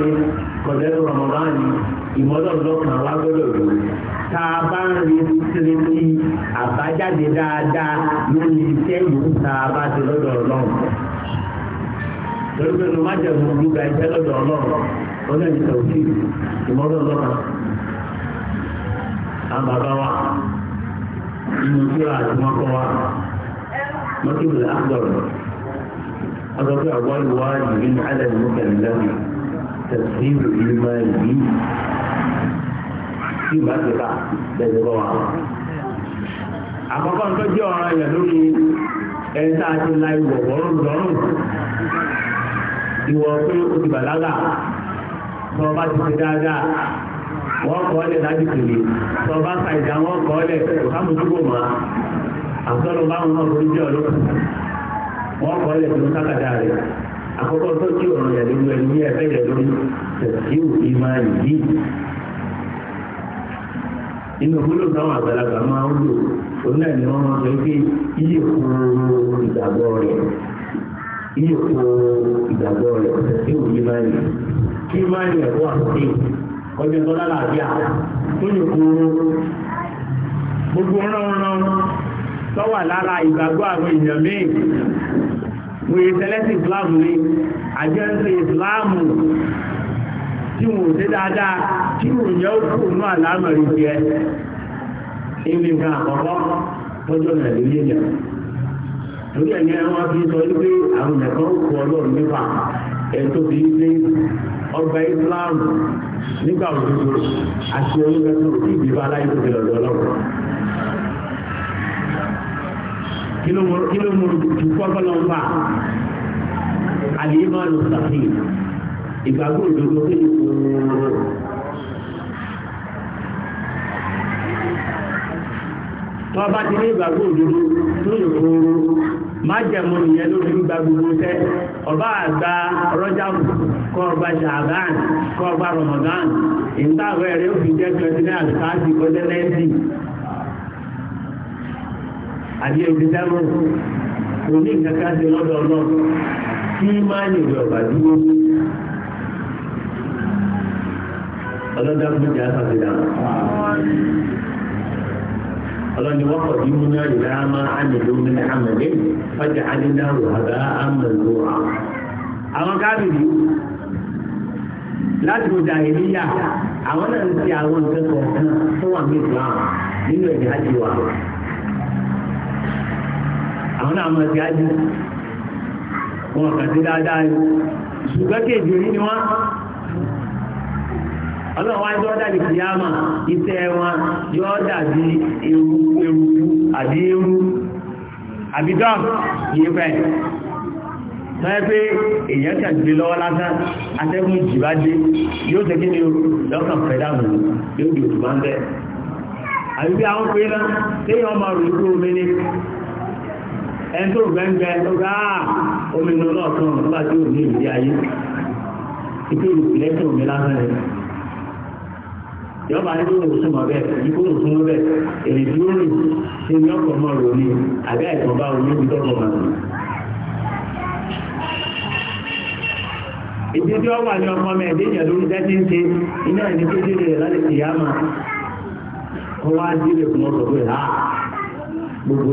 lẹ́yìn kọ̀lẹ́rù Ramadan ìmọ́lọ́lọ́kan wá gbọ́dọ̀ lò tá a bá ń retí retí àbájáde dáadáa lórí iṣẹ́ yìí tá a bá ti lọ́dọ̀ ọlọ́run lórí pẹ̀lú májẹ̀mú gbígba iṣẹ́ lọ́dọ̀ ọlọ́run ọlọ́yìnbó sí ìmọ́lọ́lọ́kan àbàbá wa inú síra àti wọn kọ́ wa mọ́kìlì àgbọ̀rọ̀ ọ̀dọ́ pé àgbọ̀rọ̀ wá yìí ní alẹ́ ìmúkẹ̀lẹ́ lẹ́nu tẹ̀sí ìlú máa yìí tí ìbá ti ká bẹ̀rẹ̀ bọ́ wa. Àkọ́kọ́ tó jẹ́ ọ̀rọ̀ ẹ̀yẹ̀ lórí ẹni tá a ti la ìwọ̀ wọ́rùn lọ́rùn. Ìwọ̀ pé o ti bàlágà tó o bá ti ṣe dáadáa. Wọ́n kọ́ ọ́lẹ̀ láti tèlé. Tó o bá sa ìjà wọ́n kọ́ ọ́lẹ̀ kò mọ́. Àtọ́lọ́ báwọn náà lórí jẹ́ ọ̀lọ́. Wọ́n kọ́ ọ́lẹ̀ tó ń sákàdá rẹ̀ àkọ́kọ́ tó tí ọ̀rọ̀ yà lórí ẹni ní ẹ̀fẹ́ yà lórí tẹ̀sí òfin máa ń yí. inú gbọ́dọ̀ táwọn àgbàlagbà máa ń lò òun náà ni wọ́n máa sọ pé iye kúrò ìgbàgbọ́ rẹ̀ iye kúrò ìgbàgbọ́ rẹ̀ tẹ̀sí òfin máa ń kí máa ń àti ọjọ́ tọ́lá làbíà tó yẹ kúrò gbogbo rán rán lọ́wọ́ lára ìgbàgbọ́ àwọn èèyàn míì wèé tẹ́lẹ́sì ìsìláàmù ni àjẹ́sì ìsìláàmù tí wọ́n ṣe dáadáa tí wọ́n yẹ kó nú àlámọ̀rí jẹ́ ilé nǹkan àkọ́kọ́ tọ́jú ọ̀nà ìlú yẹn torí ẹ̀yẹ wọn fi sọ wípé àwọn ẹ̀kọ́ kọ ọlọ́run nípa ẹ̀tọ́ fi ń gbé ọgbà ìsìláàmù nígbà òdodo àti olóògbé tó ti ìdìbò aláìsí ọ̀dọ́ ọlọ́run kí ló mú jù fọ́gbọ́nà ọba àlèyé máa lọ sàfihàn ìgbàgbọ́ òdodo tó ní kúrò. tọ́ bá ti ní ìgbàgbọ́ òdodo tó ní kúrò má jẹ̀mọ́ nìyẹn ló fi gba gbogbo tẹ́ ọba àgbà rọ́jàbù kọ́ ọba ṣàgán kọ́ ọba rọmọdán ìtàwé rẹ̀ ó fi jẹ́ twenty nine àti thirty kọjá lẹ́sìn àbí ẹni dáná kò ní ìkàkà sí lọ́dọ̀ náà kí máa ń yọ̀rọ̀ ọ̀bà dúró. ọlọ́dà fún ìjà àtàkìdá ọlọ́ni wọ́n kọ̀ nínú náà ìlà máa àmìlú ní àmìlẹ́ ọjà àdínáwó àbá àmìlú àwọn. àwọn káàbìrì láti mo dà èmi àwọn náà ti àwọn nǹkan kọ̀ọ̀kan tó wà ìlú àwọn nínú ẹ̀dá ti àwọn náà mọ̀ sí wọn kà sí dáadáa yìí kéèjì orí ni wọ́n ọlọ́wọ́ ajọ́ iṣẹ́ wọn yọ́ dàbí ewu ewu àbí ewu àbí dọ́m yìí fẹ́ tọ́ẹ́ pé èèyàn kà lọ́wọ́ lásán atẹ́gùn ìjìbá yóò tẹ́ kí ni lọ́kàn fẹ́ yóò di òtù máa ń bẹ́ àbí bí àwọn pé náà ikú omi ẹni tó gbẹ́ngbẹ́ tó gbá ah, omi nù lọ́ọ̀kan nígbà tí ò ní ìdí ayé ìpé ìpìlẹ̀ tó mi lásán rẹ̀ yọba ní gbóhùn súnmọ́ bẹ́ẹ̀ ìgbóhùn súnmọ́ bẹ́ẹ̀ èrè tí ó rìn ṣe ní ọkọ̀ mọ́ rò ní àbí àìsàn bá omi ibi tọ́kọ̀ mọ́ sí. ìdí tí ó wà ní ọmọ mẹ́ẹ̀ẹ́dẹ́yìn lórí tẹ́tí ń ṣe iná ìdí tó dé rẹ̀ lálẹ́ ìyá máa kọ́ wá sílẹ̀ fún ọkọ̀ pé ha gbogbo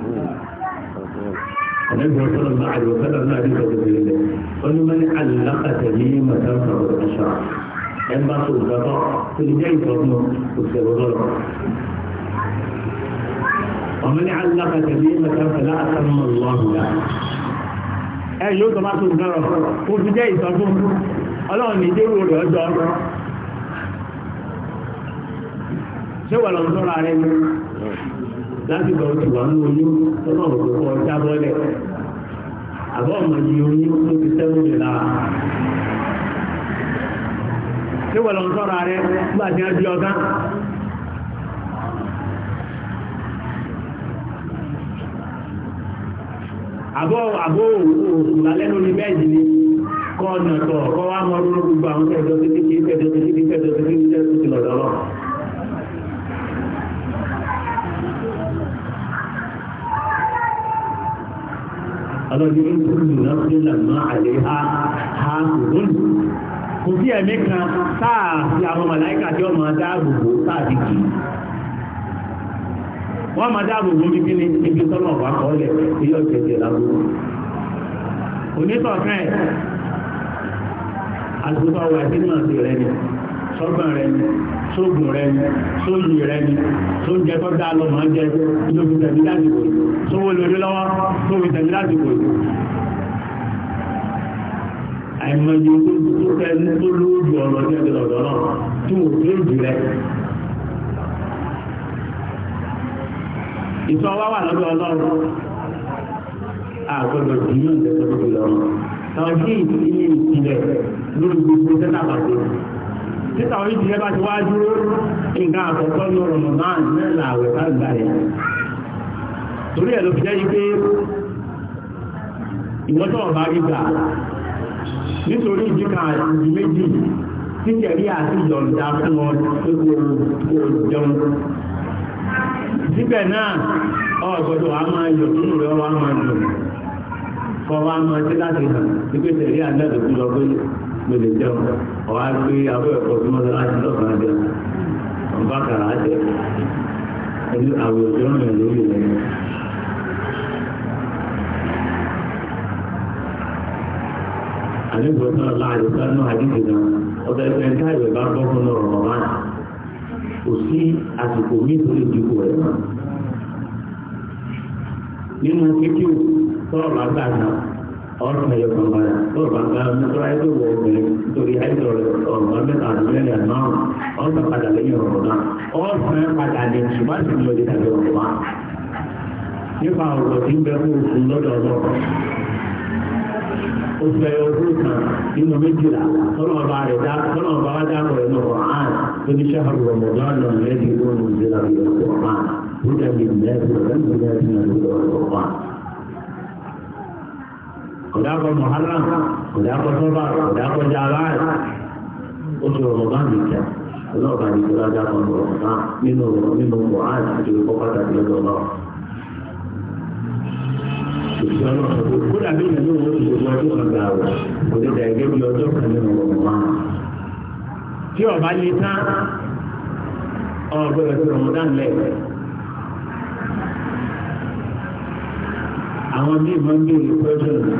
annabi sallallahu alaihi wasallam na hadisi da zai wani mani allaka ta yi matan sarar asha ẹn bá so ìgbàgbọ́ tó lè jẹ́ ìtọ́nù òṣèlú lọ́rọ̀ ọmọ ní allaka ta yi matan sarar asamman lọ́rọ̀ ẹ yóò tọ́ bá so ìgbàgbọ́ kó fi jẹ́ ìtọ́nù ọlọ́run ní ìdérò rẹ̀ ọjọ́ ṣé wà lọ́dún tó ra rẹ̀ láti lọ sí wà ní oyún tọ́nà òkùnkùn ọjà bọ́lẹ̀ àbọ̀ ọmọ yìí oyún tó ti sẹ́wọ́n mi lára tí wọ́n lọ sọ́ra rẹ̀ nígbà tí o di ọ̀gá àbọ̀ àbọ̀ lálẹ́ ni kọ́ ọ̀nà tọ̀ kọ́ wá mọ́ lórí gbogbo àwọn títí kí títí títí títí ọlọ́dún ní kúrò náà sí lànà àlè ha ha kùnú kò sí ẹ̀mí kan sáà sí àwọn màláìkà tí wọ́n máa dáàbòbò sáàdì kì í wọ́n máa dáàbòbò bíbí ní ibi tọ́nà ọ̀bá kọ́ọ̀lẹ̀ tí yóò tẹ̀sẹ̀ lábúrú onítọ̀fẹ́ àtúntọ̀ wà sí náà sí rẹ̀ ni sọ́gbọ̀n tó wó lórí lọ́wọ́ tó wí tẹ̀lé láti wò àìmọ̀jọ tó fẹ́ ní tó lóòjù ọ̀rọ̀ ní ẹ̀dẹ̀ lọ́dọ̀ náà tó wò tó jù rẹ̀ ìtọ́ wá wà lọ́dọ̀ ọlọ́run àgbọ̀dọ̀ jù ní ọ̀dẹ̀ tó lóòjù lọ́rọ̀ tàwọn sí ìdílé ìpìlẹ̀ lórí gbogbo tẹ́tà pàtó títà orí ìdílé bá ti wá dúró nǹkan àkọ́kọ́ ní ọ̀rọ̀ mọ̀ náà nílà àwẹ̀ bá gbà torí ẹ̀ ló fi jẹ́ yí pé ìwọ́tọ̀ ọ̀bá gíga nítorí ìjíkà ìjì méjì tí kẹ̀rí àti ìyọ̀ǹda fún ọ tó kò jẹun síbẹ̀ náà ọ̀gbọ́dọ̀ a máa yọ̀ nínú rẹ̀ wá máa lò kọ́ wá máa tí láti hàn wípé tẹ̀lé àdáàdòkú lọ pé mo lè jẹun ọ̀wá gbé abẹ́ ẹ̀kọ́ lórí rẹ̀ àdúgbò náà láàyè sánú àdíjì náà ọ̀dọ̀ ẹgbẹ́ ń táìwẹ̀ bá bọ́ fún ọ̀rọ̀ ọ̀rọ̀ náà kò sí àsìkò míì tó lè dìbò ẹ̀ náà nínú kékeré tọ́rọ̀ bá gbà náà ọ̀rọ̀ ẹ̀yọ̀ kan padà tọ́rọ̀ bá gbà nítorí ayé tó wọ obìnrin nítorí ayé tó rẹ̀ ọ̀rọ̀ mẹ́ta àdúgbẹ́lẹ̀ márùn ọ̀rọ̀ padà lẹ́yìn ọ̀rọ̀ náà ọ̀rọ̀ padà ní ṣùgbọ́n àti nípa ọ̀rọ̀ tí ń bẹ fún òfin lọ́dọ̀ ọlọ́pàá oṣù ẹ̀yọ ọdún kan nínú méjìlá tọ́lọ́mọba rẹ̀ dá tọ́lọ́mọba wá dáàbò rẹ̀ lọ́wọ́ àn tó ní sẹ́fàbù rọ̀mọ̀dán lọ lẹ́dí lónìí ìlera ìlọ́wọ́ àn nígbà bí mẹ́rin lẹ́yìn lẹ́yìn ìlọ́wọ́ àn. kódà kọ Muharram kódà kọ sọ́bà kódà kọ jaabaa oṣù rọ̀mọ̀dán nìkan ọlọ́ọ̀bá nìkan lọ́jà kan rọ̀mọ̀dán nínú òṣìṣẹ́ náà kódà bí ìlú owó ti gbogbo ọjọ́ kan gbà wọ̀ kò lè dà gẹ́gẹ́ bí ọjọ́ kan nínú ọmọ wọn. tí ọba lè tán ọgbẹ́rẹ́ tó rọmọ dá nílẹ̀ àwọn bí ìmọ̀ ń béèrè pẹ́sọ̀n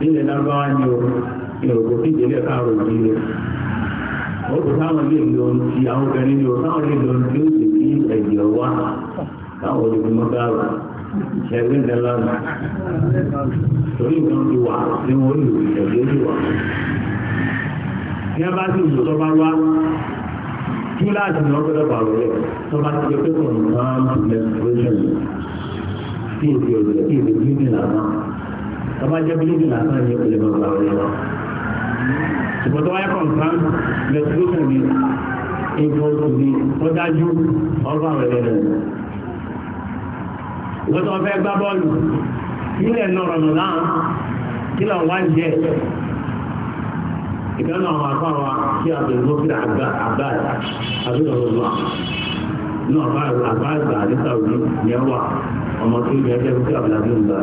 nílẹ̀ lágbáwá ni o ìrògbò kéde lẹ́ káàró ìdílé ó kò táwọn lè lo ohun ti àwọn obìnrin ni o táwọn lè lo ohun tí ó sì fi ẹ̀jẹ̀ wá táwọn olùdímọ̀ dára ìṣẹ́gbé ń tẹ́lá rẹ̀ torí nǹkan ti wà tí wọ́n lò ìṣẹ́gbé ti wà tí a bá sì lò wá kí láti ní ọgbẹ́dọ̀ pàrọ̀ rẹ̀ tó bá ti pé pé nǹkan legislation tí èdè òdòdó tí èdè bíi nìlà náà tó bá jẹ́ bíi nìlà náà ní ìpele mọ̀ pàrọ̀ rẹ̀ wá ṣùgbọ́n tó wáyé kọ̀ǹkan legislation ni ètò òdòdó tó dájú ọgbà rẹ̀ rẹ̀ wọ́n tó fẹ́ gbá bọ́ọ̀lù nílẹ̀ lọ́rọ̀ nù láà kí lọ wá jẹ́ ìkan náà wà fáwọn wa kí àbẹ̀wò kí àgbà àgbà àbúrò wa náà bá àgbà àgbà àdìsá òní yẹn wà ọmọ tó yẹ kẹ́ kí àbúrò ń bá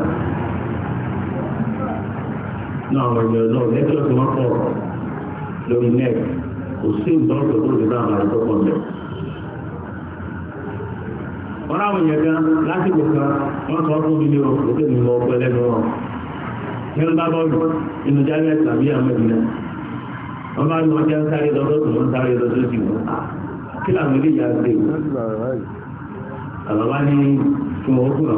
náà wọ́n yẹ lọ lẹ́jọ́ tí wọ́n kọ̀ lórí nẹ́ẹ̀kì kò sí ìdánwò tó lè bá àwọn àdìsọ́kọ̀ mẹ́rin wọ́n láwọn èèyàn gan lásìkò kan wọ́n sọ fún mi ní òkè mi lọ ọpẹ lẹ́nu ọ̀rọ̀ nínú bá bọ́ọ̀lù inú jáde tàbí àwọn ènìyàn wọ́n bá ní wọ́n jẹ́ ń sáré lọ́dọ́tún wọ́n sáré lọ́dọ́tún kí làwọn ilé ìyá ṣe àbábá ní kí wọ́n kùn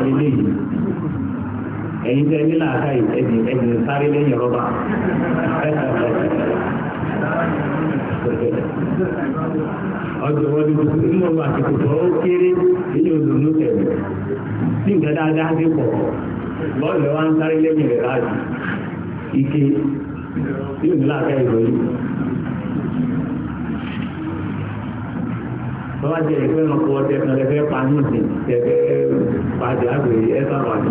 wá kí ẹ̀yin tẹ́ ní làákà ẹ̀dì ẹ̀dì sáré lẹ́yìn rọ́bà ọjọ́ wọn ni kò ní ọgbà àti kò tọ́ ó kéré nínú olùdó tẹ̀lé tí nǹkan dáadáa dé pọ̀ bọ́ọ̀lù wa ń sáré lẹ́yìn rẹ̀ láàjù ike yóò ní làákà ìròyìn. bàbá jẹ́ ìfẹ́ ọkọ̀ ọ̀tẹ̀ kan lẹ́fẹ́ pa ní ìsìn tẹ̀fẹ́ pàdé àgbèrè ẹ̀ sábà jù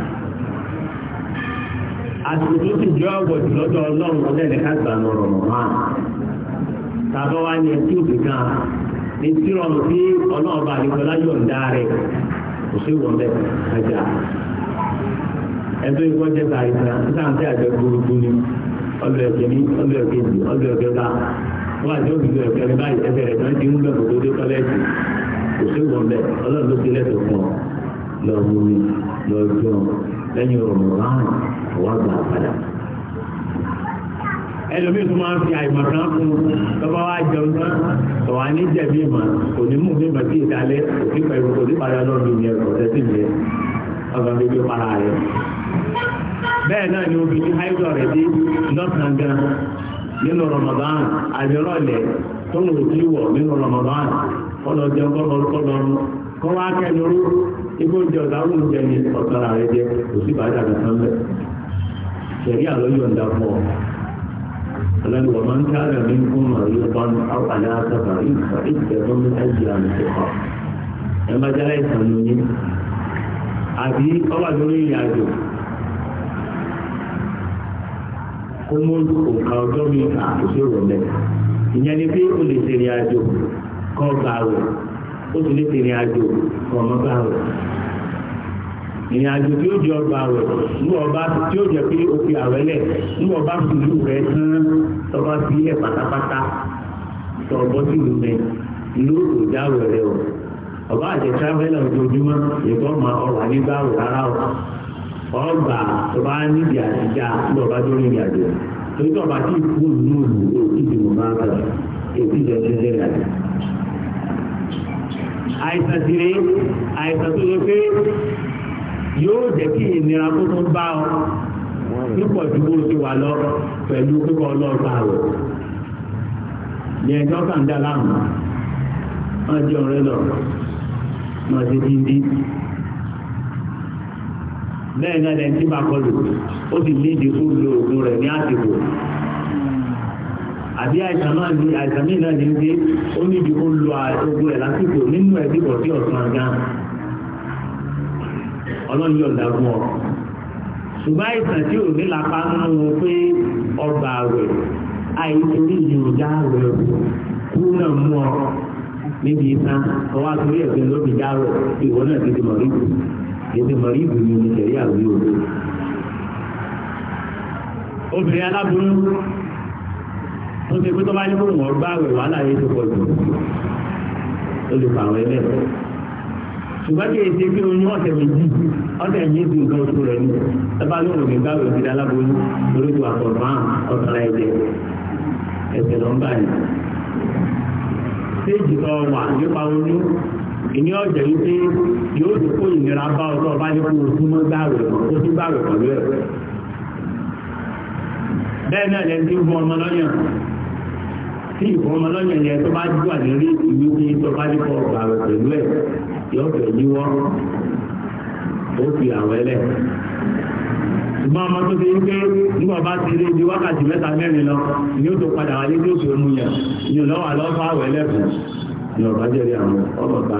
àti tó ti jọ ọ̀gbọ̀ jù lọ́dọ̀ ọlọ́run ọlẹ́ni kágbà ní ọ̀rọ̀ mọ́mọ́ tàbí wá ní ẹtí òbí gan ní tí rọrùn bí ọlọ́run bá yọ láyọ̀ ń dá rẹ̀ kò sí wọn bẹ́ẹ̀ ẹja ẹgbẹ́ ìkọ́ jẹ́ báyìí náà nígbà tí àjọ gbogbo ni ọlọ́ ẹ̀kẹ́ ní ọlọ́ ẹ̀kẹ́ ní ọlọ́ ẹ̀kẹ́ bá wọ́n àti òbí lọ ẹ̀kẹ́ ní báyìí ẹ̀kẹ́ rẹ̀ náà ti ń bẹ̀ kótó dé kọ́lẹ́ẹ̀jì lẹ́yìn rọ̀mọ̀rán wọ́n gbà padà ẹlòmíì tó máa ń fi àìmọ̀ kan fún tọ́ba wá jẹun tán ọ̀wá ní jẹ̀bi ìmọ̀ kò ní mú mi mọ̀ sí ìdálẹ́ òfin pẹ̀lú kò ní padà lọ́dún yẹn ọ̀sẹ̀ sí yẹn ọ̀sán bíbí para rẹ̀. bẹ́ẹ̀ náà ni obìnrin haidọ̀ rẹ̀ dé lọ́sàn-án gan nínú Ramadan àbírọ̀lẹ̀ tó ń wò sí wọ̀ nínú Ramadan kọ́lọ́ jẹun kọ́lọ́ kọ́lọ́ kọ́ wá igbó ń jẹ ọ̀dà àwọn oúnjẹ ni ọ̀tara rẹ jẹ kò sí bàjẹ́ àgbà kan bẹ̀. ṣẹ̀rí àlọ́ yọ̀ǹda fún ọ. ọlọ́run wọn máa ń kára mi ń kún ọ̀rọ̀ yóò bá ń pa àlẹ́ àtàkà rí ìgbà ìgbà tó ń ẹ̀jẹ̀ àmì tó pa. ẹ má jẹ́ láìsàn ní oyin. àbí ọba lórí ìrìn àjò kó mú òǹkà ọjọ́ mi àkóso rọ̀ mẹ́. ìyẹn ni pé o lè ṣèrìn àjò kọ́ gbà rẹ̀ ó sì lè tẹ̀lé àjò ọmọ bá rẹ̀ ìrìn àjò tí ó jẹ ọgbà rẹ̀ ní ọba tí ó jẹ pé ó fi àwẹ̀ lẹ̀ ní ọba tìlú rẹ̀ tán tọba fi ilẹ̀ pátápátá tọ ọbọ sí ìlú rẹ̀ ìlú òkè jáwé rẹ̀ o ọba àjẹ tíráfẹ́lá ojoojúmọ́ ìbọn ma ọ̀rọ̀ àdígbà rẹ̀ rárá o ọgbà tọba níbi àtijá ní ọba tó rìn ìrìn àjò torí tọba tí ìkú àìsàn sì ofe, àìsàn tó ṣe pé yóò jẹ́ kí ìnira tó tún bá ọ nípò ju bó ti wà lọ pẹ̀lú kíkọ́ ọlọ́ọ̀gbà rẹ̀ yẹn dọ́kà ń láàmú wọ́n jẹ́ lọ wọ́n ti bẹ́ẹ̀ náà lẹ́yìn tí bá kọlù àbí àìsàn náà ní àìsàn míì náà ní ń dé ó níbi ó lo ogun ẹ̀ lásìkò nínú ẹ̀bí bọ̀ sí ọ̀sán gan ọlọ́run yóò dá fún ọ ṣùgbọ́n àìsàn tí ò ní lápá nínú pé ọgbà àwẹ̀ àìsórí ìyòjá àwẹ̀ kú náà mú ọ níbi iná ọwọ́ àtúrí ẹ̀sìn ló fi jáwọ̀ ìwọ náà ti di mọ̀ríbù ètò mọ̀ríbù ni oníṣẹ̀rí àwẹ̀ obìnrin aláboyún tó ṣe pé tó bá ní kó wọ́n gbá àwẹ̀ wàhálà yìí tó pọ̀ jù ó lè fà wẹ́ lẹ̀ ṣùgbọ́n kí èsì pé oyún ọ̀sẹ̀ méjì ọ̀sẹ̀ méjì nǹkan oṣù rẹ̀ ni ẹ bá lóun òbí gbá àwẹ̀ òbí aláboyún lórí ìwà kọ̀ọ̀kan ọ̀sán ẹ̀jẹ̀ ẹ̀sẹ̀ lọ́mbà yìí séèjì tó wà nípa oyún ìní ọ̀jẹ̀ wípé yóò tó kó ìnira bá ọ̀tọ́ ọba ní kó oṣù tún gbààwẹ̀ pẹ̀lú tí ìfún ọmọ lọ́yàn yẹn tó bá wà lórí ìlú ní tó bá ní kọ ọgbà rẹ̀ pẹ̀lú ẹ̀ yóò fẹ́ yíwọ́ ó fi àwọ̀ ẹlẹ̀. ṣùgbọ́n tó ti ń pé ti rí ibi wákàtí mẹ́ta mẹ́rin lọ ni ó tó padà wáyé fi yàn ni ò lọ́wọ́ àlọ́ fún àwọ̀ fún ni jẹ́rìí àwọn ọmọ ọ̀gá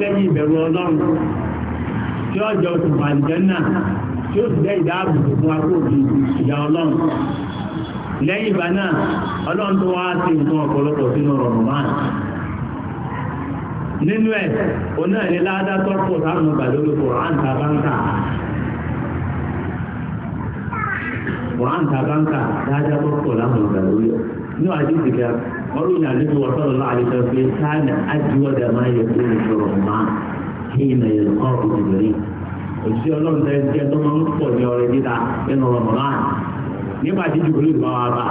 rẹ̀ ní tí ó jọ oṣù àlìjẹ́nà tí ó sì jẹ́ ìdáàbòbò fún akóòbí ìyá ọlọ́run lẹ́yìn ìgbà náà ọlọ́run tó wá sí nǹkan ọ̀pọ̀lọpọ̀ sínú ọ̀rọ̀ máa nínú ẹ̀ oná ẹ̀ ládá tọ́pọ̀ táwọn gbàdúrà kòrántà báńkà kòrántà báńkà ládá tọ́pọ̀ láwọn gbàdúrà ní wàá dídì kẹ ọrùn ìyàlẹ́bí wọ́n sọ̀rọ̀ láàrin kan pé káàní ajíwọ́dà máa yẹ kó lè máa ìnà ìrọ̀kọ́ ìjìbìrì òṣìṣẹ́ ọlọ́run tẹ́ jẹ́ tó máa ń pọ̀ ní ọrẹ dídá nínú Ramadan nígbà tí jìbìrì bá wà bá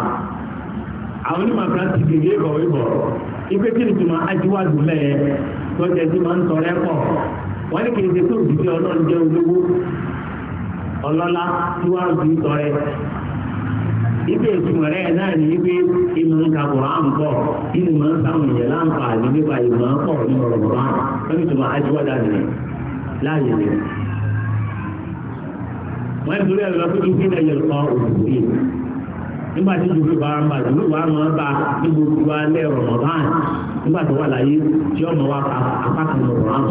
àwọn onímọ̀ pílásìkì ní ìbọ̀ ìbọ̀ ipe kí ni tí máa ajíwájú lẹ́yẹ tó jẹ́ tí máa ń tọrẹ pọ̀ wọ́n ní kìí ṣe tó òṣìṣẹ́ ọlọ́run jẹ́ olówó ọlọ́lá tí wàá fi tọrẹ ibi etu rẹ̀ náà ní ibi ìmọ̀ ń ka Kùránì pọ̀ ma mọ̀ ń sáwọn mkpa láǹfààní nípa ìmọ̀ ma pọ̀ nínú ọ̀rọ̀ bàbá wọn tó máa aṣọ wọ́dà nìyẹn láàyè rẹ̀. wọ́n lọ fún ibi ìdẹ̀yẹ lọ òkùnkùn yìí nígbà tí jùlọ bá ń bá jùlọ bá ń bá ní nígbà tó wà láyé tí ọmọ wa pa apá kan àwọn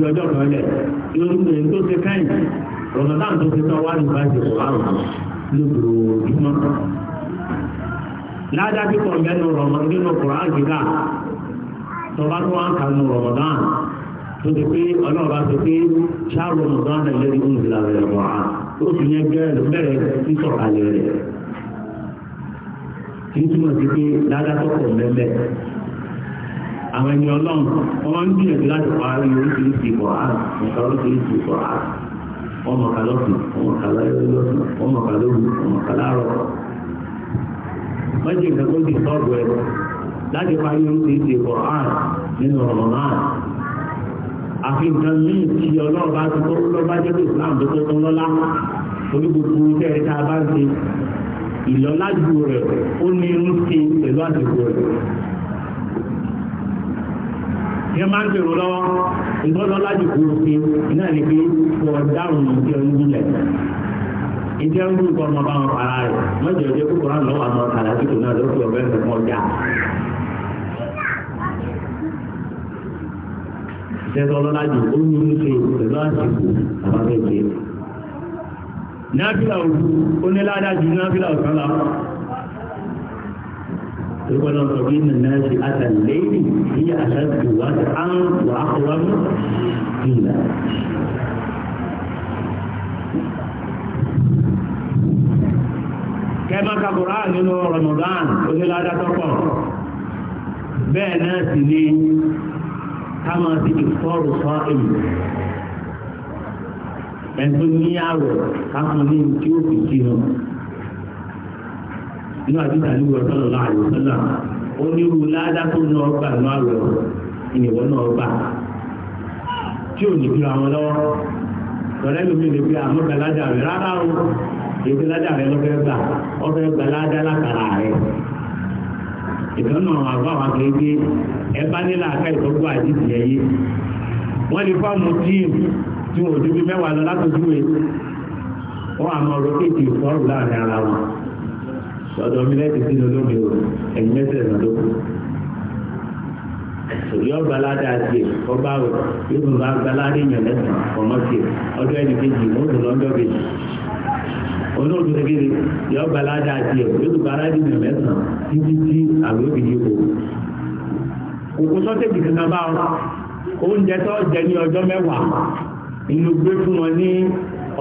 kò lórí tó ṣe káyìn rọ̀mọ̀tán tó ṣe tán wá ní báyìí ọ̀rọ̀ lójoojúmọ́. Lájá tí kò mẹ́nu rọ̀mọ̀tán nínú Kùrán kíkà tó bá tó wá ń kànú rọ̀mọ̀tán tó ti pé ọlọ́ọ̀bá ti pé ṣáàrù rọ̀mọ̀tán náà lórí oúnjẹ rẹ̀ wà á. Ó sì yẹn gẹ́rẹ́ bẹ̀rẹ̀ sísọ̀kalẹ̀ rẹ̀. Kì í túmọ̀ sí pé lájá tó kọ̀ mẹ́mẹ́ àwọn ẹni ọlọ́run wọ́n máa ń gbìyànjú láti parí oríṣiríṣi ìkọ̀ àrùn nǹkan oríṣiríṣi ìkọ̀ àrùn wọ́n mọ̀ká lọ́sùn wọ́n mọ̀ká lọ́sùn wọ́n mọ̀ká lóru wọ́n mọ̀ká láàárọ̀ wọ́n jẹ́ nǹkan tó di sọ́ọ̀bù ẹ̀ láti parí oríṣiríṣi ìkọ̀ àrùn nínú ọ̀rọ̀ náà àfi nǹkan míì tí ọlọ́run bá ti tó lọ́ba jẹ́ pé Islam tó tó tán lọ́lá torí gbogbo iṣẹ́ rẹ̀ tá a bá ń ṣe ìlọ́lájú rẹ̀ ó ní ń ṣe yẹn máa ń gbèrò lọ́wọ́ ìgbọ́dọ̀ lájòkó òfin náà ni pé kò dáhùn ìdí ọdún nílẹ̀ ìdí ọdún kọ́ ọmọ bá wọn para rẹ̀ mọ́jọ ìdí kúkúrú àná lọ́wọ́ àwọn ọ̀tàlá títò náà lọ́sọ̀ ọ̀bẹ ẹ̀fọ́ ọjà. ìṣẹ́sọ́ lọ́lájò ó ní ń ṣe pẹ̀lú àsìkò àbábẹ́jẹ. náfìlà òkú ó ní ládàá ju náfìlà òkú يقول لهم فإن الناس أتى الليل هي أشد وجعا وأقوم قيلا كما كقرآن nínú Ramadan onílàdá tọ́pọ̀ bẹ́ẹ̀ náà sì ni ká máa ti ìfọ́rù sọ èyí ẹ̀tún ní àwẹ̀ ká fún ní tí ó fi kí náà inú àdúrà ní wọ́n sọ̀rọ̀ láàrin sọ́nà onírú ládá tó ná ọgbà ní àwẹ̀ ìyẹ̀wọ́ náà gbà tí ò ní kíra wọn lọ́wọ́ lọ́rẹ́ lómi lè fi àmọ́gbà ládà rẹ̀ rárá o èdè ládà rẹ̀ lọ́fẹ́ gbà ọfẹ́ gbà ládà látara rẹ̀ ìdáná àgbà wa kìí ẹ bá nílà àká ìtọ́gbọ́ àdìsí ẹ̀yẹ wọ́n lè fọ́ọ̀mù tíìmù tí wọ́n ò dúdú mẹ́wàá lọ látọ̀jú ẹ̀ wọ́n àmọ́ ọ̀rọ̀ kéèkì ìfọ́rù láàrin ara wọn ọ̀dọ̀ mi lẹ́sìn sínú olómi o ẹ̀yìn mẹ́sẹ̀ rẹ̀ ló kù. Òbí ọgbà ládà tiẹ̀ ọba rẹ̀ yóò tún bá gba ládà èèyàn lẹ́sìn ọmọ tiẹ̀ ọjọ́ ẹni kejì ó tún lọ́jọ́ kejì. Olóòtú ti kéde yọ ọgbà ládà tiẹ̀ yóò tún bá ládà èèyàn lẹ́sìn títí tí àwọn òbí yìí kò. Kòkó sọ́tẹ̀kì kankan bá oúnjẹ tó jẹ ní ọjọ́ mẹ́wàá inú gbé fún wọn ní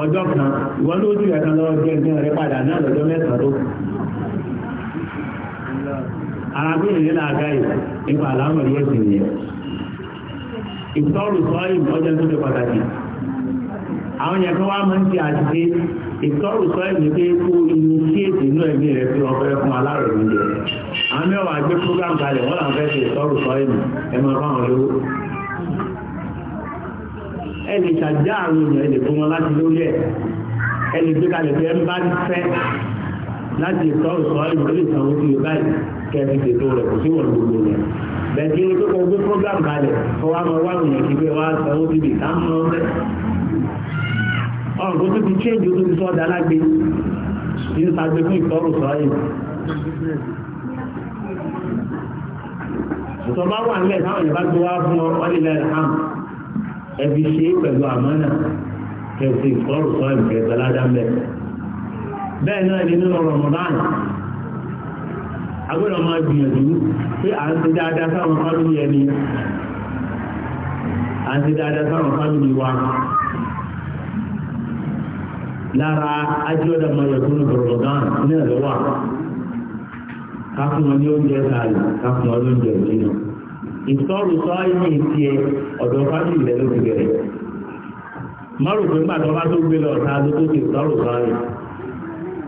ọjọ́ kan ìwọ́n ló dùn ẹ̀kan lọ́wọ́ jẹ́ nǹkan rẹ̀ padà náà lọ́jọ́ mẹ́sàn-án tó arábìnrin yẹn náà gáyì nípa àlámọ̀ yẹn ìtọ́rù sọ́yìn ọjọ́ tó ṣe pàtàkì àwọn yẹn kan wá máa ń ṣe àṣìṣe ìtọ́rù sọ́yìn ní pé kó inú sí ètò inú ẹ̀mí rẹ̀ fi ọ̀fẹ́ fún àwọn mẹ́wàá gbé program kalẹ̀ wọ́n làwọn fẹ́ ṣe ìtọ́rù sọ́yìn ẹ̀ máa fáwọn lówó ẹni ìṣàjá àwọn èèyàn ẹni fún wọn láti lórí ẹ̀ ẹni gbé kalẹ̀ fẹ́ ń bá fẹ́ láti ìtọ́rù sọ́yìn lórí kẹ́rin tètò rẹ̀ kò sí wọn gbogbo rẹ̀ bẹ̀ẹ̀kì ní pé kò program kalẹ̀ kó wá máa wáwùn yẹn kí pé wá sanwó síbi táwọn ọmọ ọ̀sẹ̀ ọ̀rùn kó tó ti change ó tó ti sọ́ọ́dà alágbe ní sàgbé fún ìtọ́rù sọ́ọ̀yìn ìtọ́ba wà nílẹ̀ táwọn ìyẹn bá tó wá fún ọ wọ́n nílẹ̀ ham ẹbí ṣe pẹ̀lú àmọ́nà kẹsì ìtọ́rù sọ́ọ̀yìn kẹsì aládàmbẹ̀ bẹ́ẹ̀ náà agbọ́dọ̀ máa gbìyànjú pé à ń ṣe dáadáa sáwọn fámìlì ẹni à ń ṣe dáadáa sáwọn fámìlì wa lára ajíọ́dà máa yẹ fún ìbọ̀rọ̀ gan náà lọ́wọ́ ká fún wọn ní oúnjẹ sààrì ká fún wọn lóúnjẹ ìdíná ìtọ́rù sọ ìní ìtì ẹ ọ̀dọ̀ fámìlì rẹ ló ti bẹ̀rẹ̀ márùn-ún pé nígbà tó bá tó gbé lọ ọ̀tá ló tó ti ìtọ́rù sọ ìní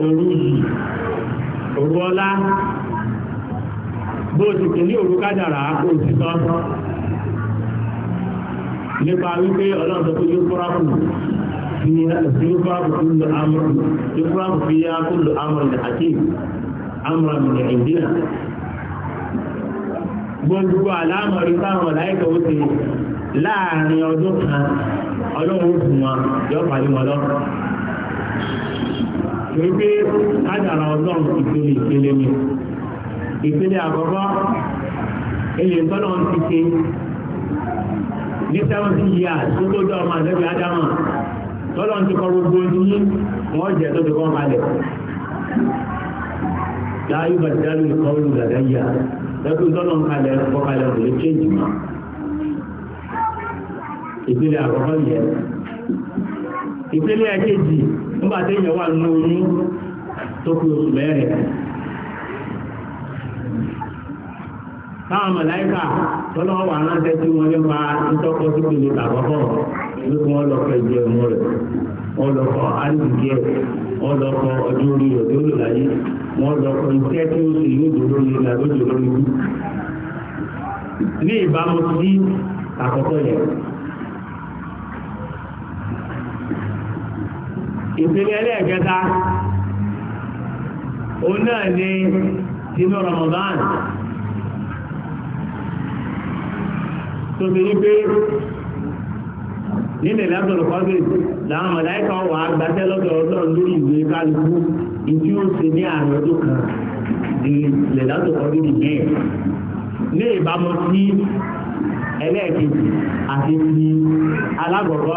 òru yìí òru ọlá bó ti pè ní òru kádàrá òtítọ́ nípa wípé ọlọ́dọ̀ tó yóò fọ́ra fi yá kú amúrù ní àti amúrù ní gbogbo ó ti láàrin ọdún kan ọlọ́run ó fún wọn wọn torí pé kádàrà ọlọ́run ìpele ìpele ni ìpele àkọ́kọ́ èyí tọ́nà ti ṣe ní seventy years tó tó dọ́ ọmọ àtẹ́bí ádámà tọ́nà ti kọ gbogbo ní wọ́n jẹ́ tó ti kọ́ kalẹ̀ láyé bàtẹ́lú ìkọlù gàdáyà lẹ́kùn tọ́nà kalẹ̀ kọ́ kalẹ̀ kò lè change mọ́ ìpele àkọ́kọ́ yẹn ìpele ẹ̀kejì nígbà tí èèyàn wà nínú oyún tó kú oṣù mẹ́rin táwọn mọ̀láìkà tọ́lọ́wọ́ wà ránṣẹ́ tí wọ́n nípa ìtọ́kọ tó kú lóta àkọ́kọ́ pé kí wọ́n lọ fẹ́ jẹ ọmọ rẹ̀ wọ́n lọ kọ àdìgí ẹ̀ wọ́n lọ kọ ọdún orí rẹ̀ tó lò láyé wọ́n lọ kọ iṣẹ́ tí ó sì yóò dúró ní ìlà tó ní ìbámu sí àkọ́kọ́ yẹn. ìpínlẹ̀ ẹlẹ́ẹ̀kẹta òun náà ni inú Ramadan tó ti yí pé nílẹ̀ látọ̀rọ̀ kọ́sì làwọn mọ̀láìkà wà á gbàtẹ́ lọ́dọ̀ ọlọ́run lórí ìwé kálukú ìtí ó ṣe ní ààrẹ ọdún kan di lẹ̀ látọ̀rọ̀ kọ́sì nìyẹn ní ìbámu sí ẹlẹ́ẹ̀kejì àti ti alákọ̀ọ́kọ́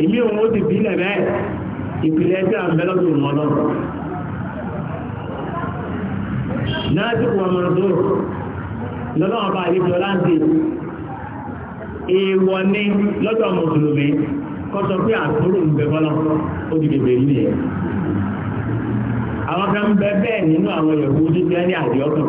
èmi òun ó ti bí ilẹ̀ bẹ́ẹ̀ ìpìlẹ̀ tí a ń bẹ́ lọ́dún mọ́ lọ́rọ̀ náà tí wọ́n mọ̀ lọ́dún lọ́dún ọba àyíjọ láti èèwọ̀ ní lọ́dọ̀ mùsùlùmí kọ́ sọ pé àtúrò ń bẹ bọ́lọ́ ó ti bèbè ní ẹ̀ àwọn kan bẹ bẹ́ẹ̀ nínú àwọn yẹ̀wò jíjẹ́ ní àdìọ́kùn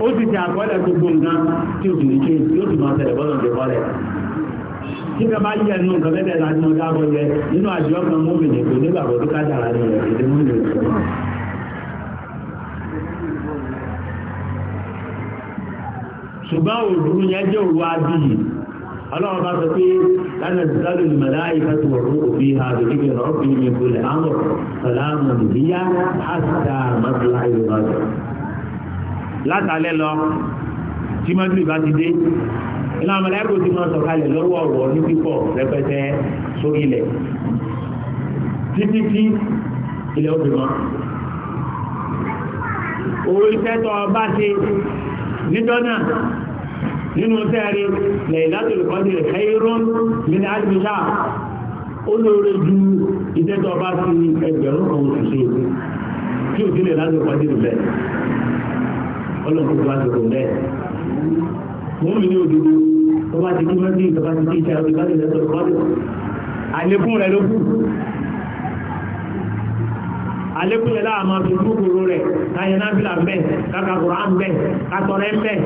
ó ti ti àkọọ́lẹ̀ gbogbo nǹkan tí ó tún ké tí ó tún máa tẹ̀lé bọ́lọ̀ jẹ bọ́lẹ̀ tí ká bá yẹ nù nǹkan mẹ́tẹ̀ẹ̀ta tí mo dábọ̀ yẹ nínú àjọ kan mú mi nìkú nígbàgbọ́ tó ká dára ní ìrẹ̀ ìdí ọlọ́run bá sọ pé lánàá ti sáré ní mẹ́láyì ká ti wọ̀ fún ha àti kíkẹ́ rọ́ọ̀kì ní ìpínlẹ̀ àmọ̀ sọ̀lá àmọ̀ nìyá àti àmọ́ látàlẹ́ lọ tí mọ́tìrì bá ti dé iná mọ̀lẹ́kùn tí wọ́n sọ̀kalẹ̀ lọ́wọ́ ọ̀wọ́ ní pípọ̀ rẹpẹtẹ sórí ilẹ̀ títí tí ilẹ̀ òbí mọ́ owó iṣẹ́ tó ọba ṣe níjọ́ náà nínú sẹ́ẹ̀rí Laylatul Qadr khairun min alfi shahr ó lóore ju iṣẹ́ tó ọba ṣe ẹgbẹ̀rún kan oṣù ṣe tí ò sí Laylatul Qadr bẹ́ẹ̀ ọlọ́run tó bá jọ̀rọ̀ lẹ́ẹ̀. wọ́n mi ní òdodo tó bá ti kí mẹ́sì tó bá ti kí iṣẹ́ ọdún bájú lẹ́sọ̀ lọ́dọ̀. àlékún rẹ̀ ló kù. àlékún rẹ̀ láàmà fi kúkúrú rẹ̀ káyẹ̀ nábìlà ń bẹ̀ káka kùrán ń bẹ̀ kátọrẹ́ ń bẹ̀.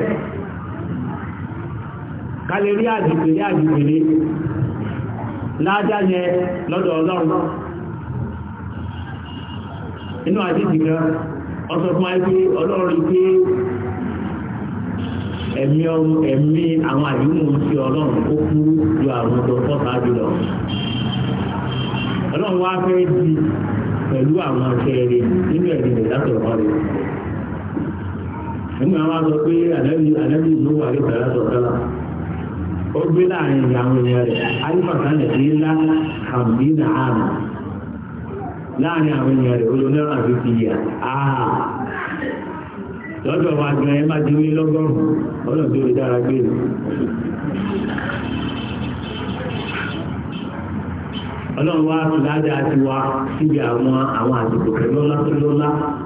kálẹ̀ rí àdìgbèrè àdìgbèrè lájá yẹn lọ́dọ̀ ọlọ́run. inú àdìgbèrè ọsọ fún wáyé pé ọlọ́run pé ẹ̀mí ẹ̀mí àwọn àyíwò ti ọlọ́run ó kúrú ju àwọn tó tọ́ta jùlọ ọlọ́run wá fẹ́ di pẹ̀lú àwọn akẹ́rẹ́ nínú ẹ̀rí ìdásọ̀ ọ̀rọ̀ rẹ̀ nígbà wọn sọ pé ànábì ànábì ló wà ní ìtàlá sọ̀tàlá ó gbé láàrin ìyàwó ìyá rẹ̀ alifasana ìlà àbí nàánà láàrin àwọn èèyàn rẹ̀ olómẹ́rán àti ti yà áà wa gan ẹ má ti rí lọ́gọ́rùn-ún ọ̀nà tó lè dára gbé rẹ̀ láti àti wa síbi àwọn àwọn àsìkò lọ́lá tó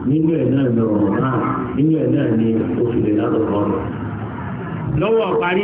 nínú ẹ̀ náà ní ọ̀rọ̀ nínú ẹ̀ náà ní oṣù lè látọ̀ lọ́wọ́ ọ̀parí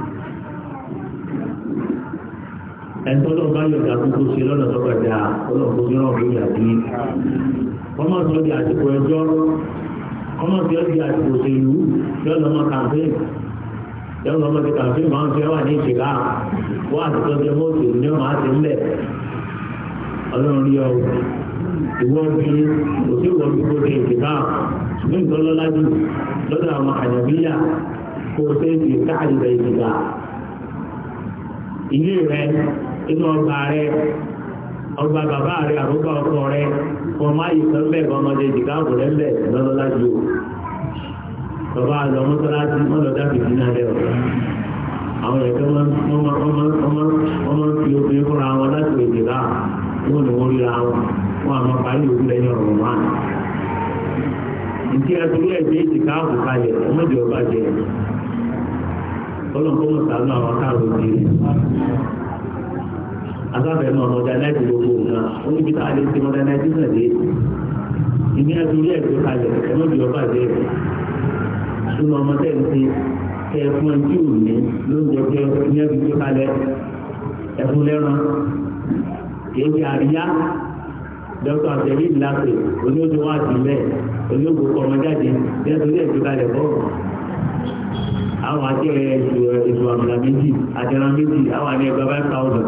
ẹ̀tọ́ tó bá yọ̀ dá gbogbo ṣe lọ́nà tó bá dá ọlọ́pọ̀ ní ọ̀rọ̀ ìyà bí ọmọ tó di àsìkò ẹjọ́ ọmọ tó di àsìkò ṣèlú yọ lọ́mọ kàmpéǹ yọ lọ́mọ ti kàmpéǹ máa ń fi wà ní ìṣèlá wà àtúntò jẹ mọ́tò ní ọmọ àti ńlẹ̀ ọlọ́run yọ ìwọ bí òsì wọ bí kò ṣe ìṣèlá ní ìtọ́lọ́lájú inú ọgbà rẹ ọgbà bàbá rẹ àrùkọ ọkọ rẹ wọn máa yìí kan bẹ́ẹ̀ ọmọdé jìká kò rẹ bẹ́ẹ̀ lọ́dọ́ lájú o bàbá àlọ mọ́sálásí wọn lọ dábì sí náà rẹ o àwọn ẹ̀kọ́ ọmọ fi obìnrin fúnra wọn láti lè jìká wọn ni wọn ríra wọn wọn àmọ́ parí òkú lẹ́yìn ọ̀rọ̀ wọn. ìdí àtúndì ẹ̀jẹ̀ jìká kò kalẹ̀ ọmọdé ọba jẹ ọlọ́nkọ́ mọ̀sálásí àwọn káàró agbábẹ̀rẹ̀ náà lọ́jà náìtì gbogbo nǹkan oníbítà àlè ti mọ́dá náìtì náà dé ìní ẹ̀dùn ilé ẹ̀dùn kalẹ̀ ẹ̀mọ́ bí ọba dé súnmọ́ ọmọ tẹ̀ ń ti kẹ́ fún ẹ tí ò ní lóúnjẹ pé ní ẹ̀dùn tó kalẹ̀ ẹ̀fún lẹ́ran kéèké àríyá dókítà àbẹ̀lí ìlàpẹ̀ oníodò wà sílẹ̀ oníodò kọ́ ọmọ jáde ẹ̀dùn ilé ẹ̀dùn kalẹ̀ bọ́ọ̀ àwọn àti ẹ̀ ètò àmàlà méjì àti ẹran méjì àwọn àni ẹgbẹ́ five thousand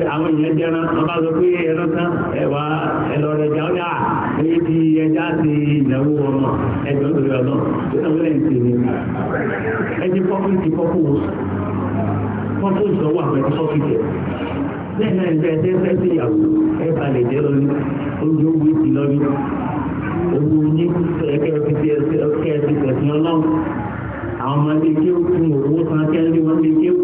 pé àwọn èèyàn jẹran wọn bá sọ pé ẹran tán ẹwà ẹlọrẹjà ó yà ní ti ẹja ti ìnáwó ọmọ ẹjọ lórí ọdọ tó náà wọlé ìsìn ni ẹjẹ pọpù ti pọpù pọpù ìsọwọ àpẹẹrẹ sọfì jẹ lẹ́yìn náà ẹgbẹ́ ẹgbẹ́ ẹgbẹ́ sí ìyàwó ẹ bá lè jẹ lórí oúnjẹ owó ìdí lórí owó oní ẹgbẹ́ ẹgbẹ́ ti ẹgbẹ́ ẹgbẹ́ ti tẹsán Ọlọ́run àwọn ọmọdé kí ó kún owó san kẹrin wọn lè kí ó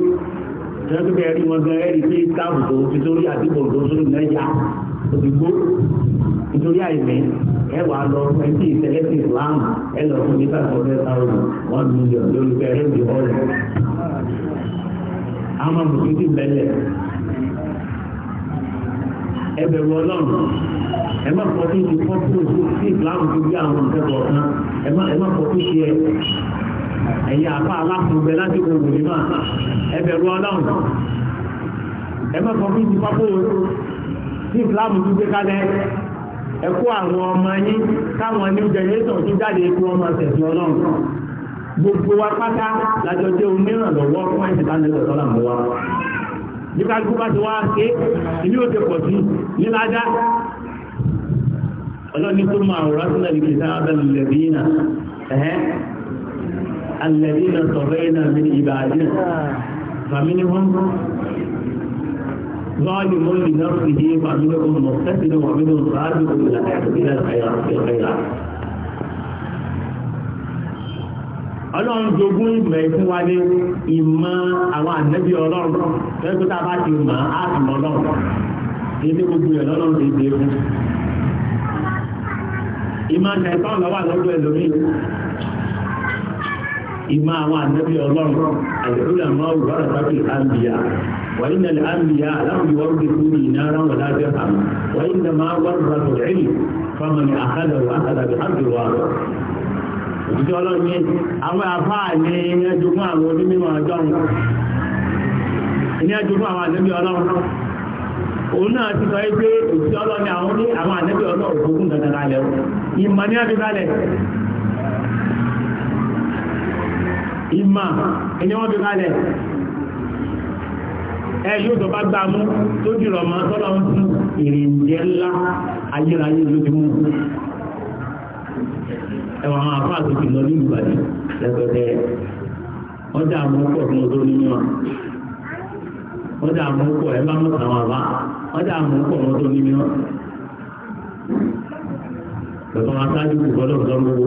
tó bẹ̀rẹ̀ rí wọn gan ẹ̀rí pé táàbù tó fi sórí àdìbò tó sórí mẹ́jà òdìgbò nítorí àìmẹ́ ẹ wà lọ ẹtí ìsẹlẹ́tì Islam ẹ lọ fún mi sáà fọ́fẹ́ sáwọn one million lórí bẹ̀rẹ̀ ìdí ọ̀rọ̀ àwọn àbùkù ti bẹ̀lẹ̀ ẹ bẹ̀rù Ọlọ́run ẹ má fọ́ tó ti fọ́ sí Islam tó bí àwọn ìfẹ́ kọ̀ọ̀kan ẹ má fọ́ tó ṣe ẹ. ẹ̀yin àpá aláfọ̀gbẹ láti kò ní máa ẹbẹ̀rù ọlọ́run ẹmọ́kọ̀ bí ti pápó tí ìfìláàmù tó gbé kalẹ̀ ẹkú àwọn ọmọ yín káwọn ní jẹnẹrétọ̀ tó jáde ikú ọmọ tẹ̀sí ọlọ́run gbogbo wa pátá lájọ jẹ́ onírànlọ́wọ́ fún الذين صفينا من عبادنا فمنهم ظالم لنفسه فمنهم مقتصد ومنهم صادق الى الخيرات ọlọ́run jogún ìmọ̀ ẹ̀fún wa ní ìmọ̀ àwọn ànábì ọlọ́run lẹ́gbẹ́ tá a bá ti mọ̀ á ti mọ̀ ọlọ́run ilé gbogbo ẹ̀ lọ́lọ́run ti dé fún ìmọ̀ ẹ̀fún lọ́wọ́ àlọ́jọ́ ẹlòmíì ìmọ̀ àwọn ànábì ọlọ́run àìsílẹ̀ máa wù rárá sábì àmbìyà wàyí nà àmbìyà aláwọ̀ ìwọ́rù ti kú ní ìnára wọn lájẹ́ àmì wàyí nà máa wọ́n rà tó ẹ̀yìn fọmọ ní àkàdà wà àkàdà bí àbí wà rọ. Òjijì ọlọ́run ní àwọn afáà ní ẹjọ́ fún àwọn onímọ̀ ọjọ́run. Ní ẹjọ́ fún àwọn ànábì ọlọ́run. Òun náà ti ìmà ẹni wọ́n fi kalẹ̀ ẹ yóò tọ́ bá gbà mú tó jùlọ ma tọ́lọ ń fún ìrìnjẹ́ ńlá ayérayé lójúmú ẹwà àwọn àfáà tó fi lọ ní ìgbàdí lẹ́gbẹ̀ẹ́ ọjà àwọn ọkọ̀ fún ọdún nínú wa ọjà àwọn ọkọ̀ ẹ bá mọ̀ àwọn àbá ọjà àwọn ọkọ̀ fún ọdún nínú wa lọ́tọ́ wọn aṣáájú kò gbọ́dọ̀ gbọ́dọ̀ gbogbo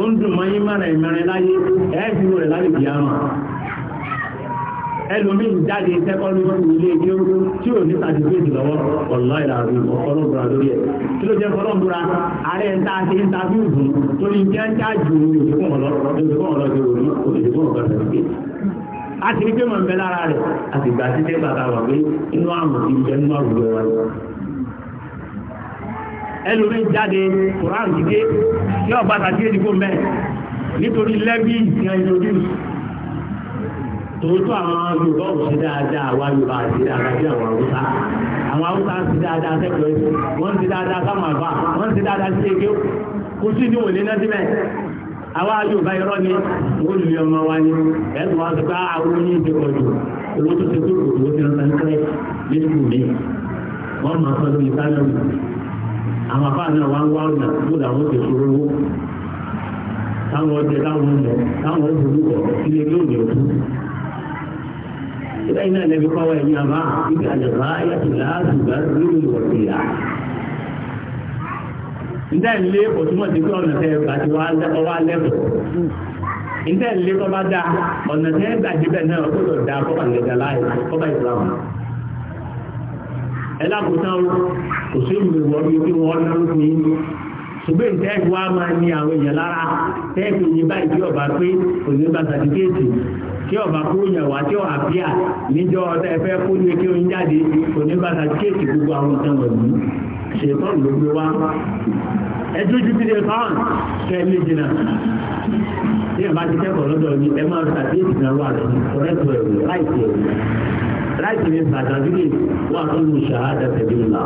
ó ń dùn mọ́yí mọ́rẹ̀ ìmẹ́rin láyé ẹ́ẹ̀fì rẹ̀ láyé bí àmà ẹlòmí jáde sẹ́kọ́ndì ilé ilé tí ò ní sàdìfẹ́sì lọ́wọ́ ọ̀lá ìlàrí ọ̀fọ́lọ́gbùra lórí ẹ̀ tí ló jẹ́ fọ́lọ́gbùra ààrẹ ń tàà sí ń ta bí ìbùn tó ní jẹ́ ń já jù ní òṣìkún ọ̀lọ́rọ̀ ẹlòmí jáde koran dídé yóò bá tàbí èdìgbò mẹ́ nítorí lẹ́bí ìsìn ìlòdì tòótọ́ àwọn Yorùbá ò sí dáadáa wá Yorùbá àti dáadáa bí àwọn Haúsá àwọn Haúsá ń sí dáadáa sẹ́kọ̀ọ́ ẹ̀sìn wọ́n ń sí dáadáa sáwọn àbá wọ́n ń sí dáadáa sí eke kò sí ní òní náà síbẹ̀ àwa Yorùbá irọ́ ni olùlé ọmọ wa ni ẹ̀sùn wa sọ pé àwọn ah, oníyìn ti pọ̀ jù owó tó ti tó kò tó ti rán sáńkẹ́ nítorí mi wọ́n máa sọ lórí sáńkẹ́ àwọn afáà náà wá ń wá ọ̀nà ti ṣòro owó táwọn ọjẹ táwọn ọmọ táwọn olùdókọ ilé ilé òde òkú. iná lẹ́bi pàwọ́ ẹ̀yìn àbá ibi àjàgbá yàtọ̀ láàzùgbà lórí ìwọ̀sí yà. ǹdẹ́ ilé sí pé ọ̀nà tẹ́ ẹ̀ka ti wá lẹ́kọ̀ọ́. ǹdẹ́ ilé kọ́ bá dáa ọ̀nà tẹ́ ẹ̀ka ẹlákòótán kò sí ìlú ìwọ̀rí orí wọn lọ́rùn ní ṣùgbọ́n ìtẹ́ẹ̀kì wá máa ní àwọn èèyàn lára tẹ́ẹ̀kì yìí báyìí tí ọba pé òṣèlú bá sàdíkéètì tí ọba kúrò yàn wá tí ọ àbíà níjọ ọdẹ ẹfẹ kó ní kí oyin jáde òní bá sàdíkéètì gbogbo àwọn ìtàn wọ̀nyí ṣètọ́n ló gbé wá ẹjọ́ ju bíi ẹ̀fọ́n kẹ́ lè jìnà ní ẹ̀bá ti kẹ́kọ̀ọ́ lọ́dọ̀ ní ẹ máa ṣàdé ìsìnà wà lọ ọ̀rẹ́tọ̀ ẹ̀rù láìsí ẹ̀rù láìsí ní sàtàdúgbì wà tó lu ṣàhádà tẹ̀lé ńlá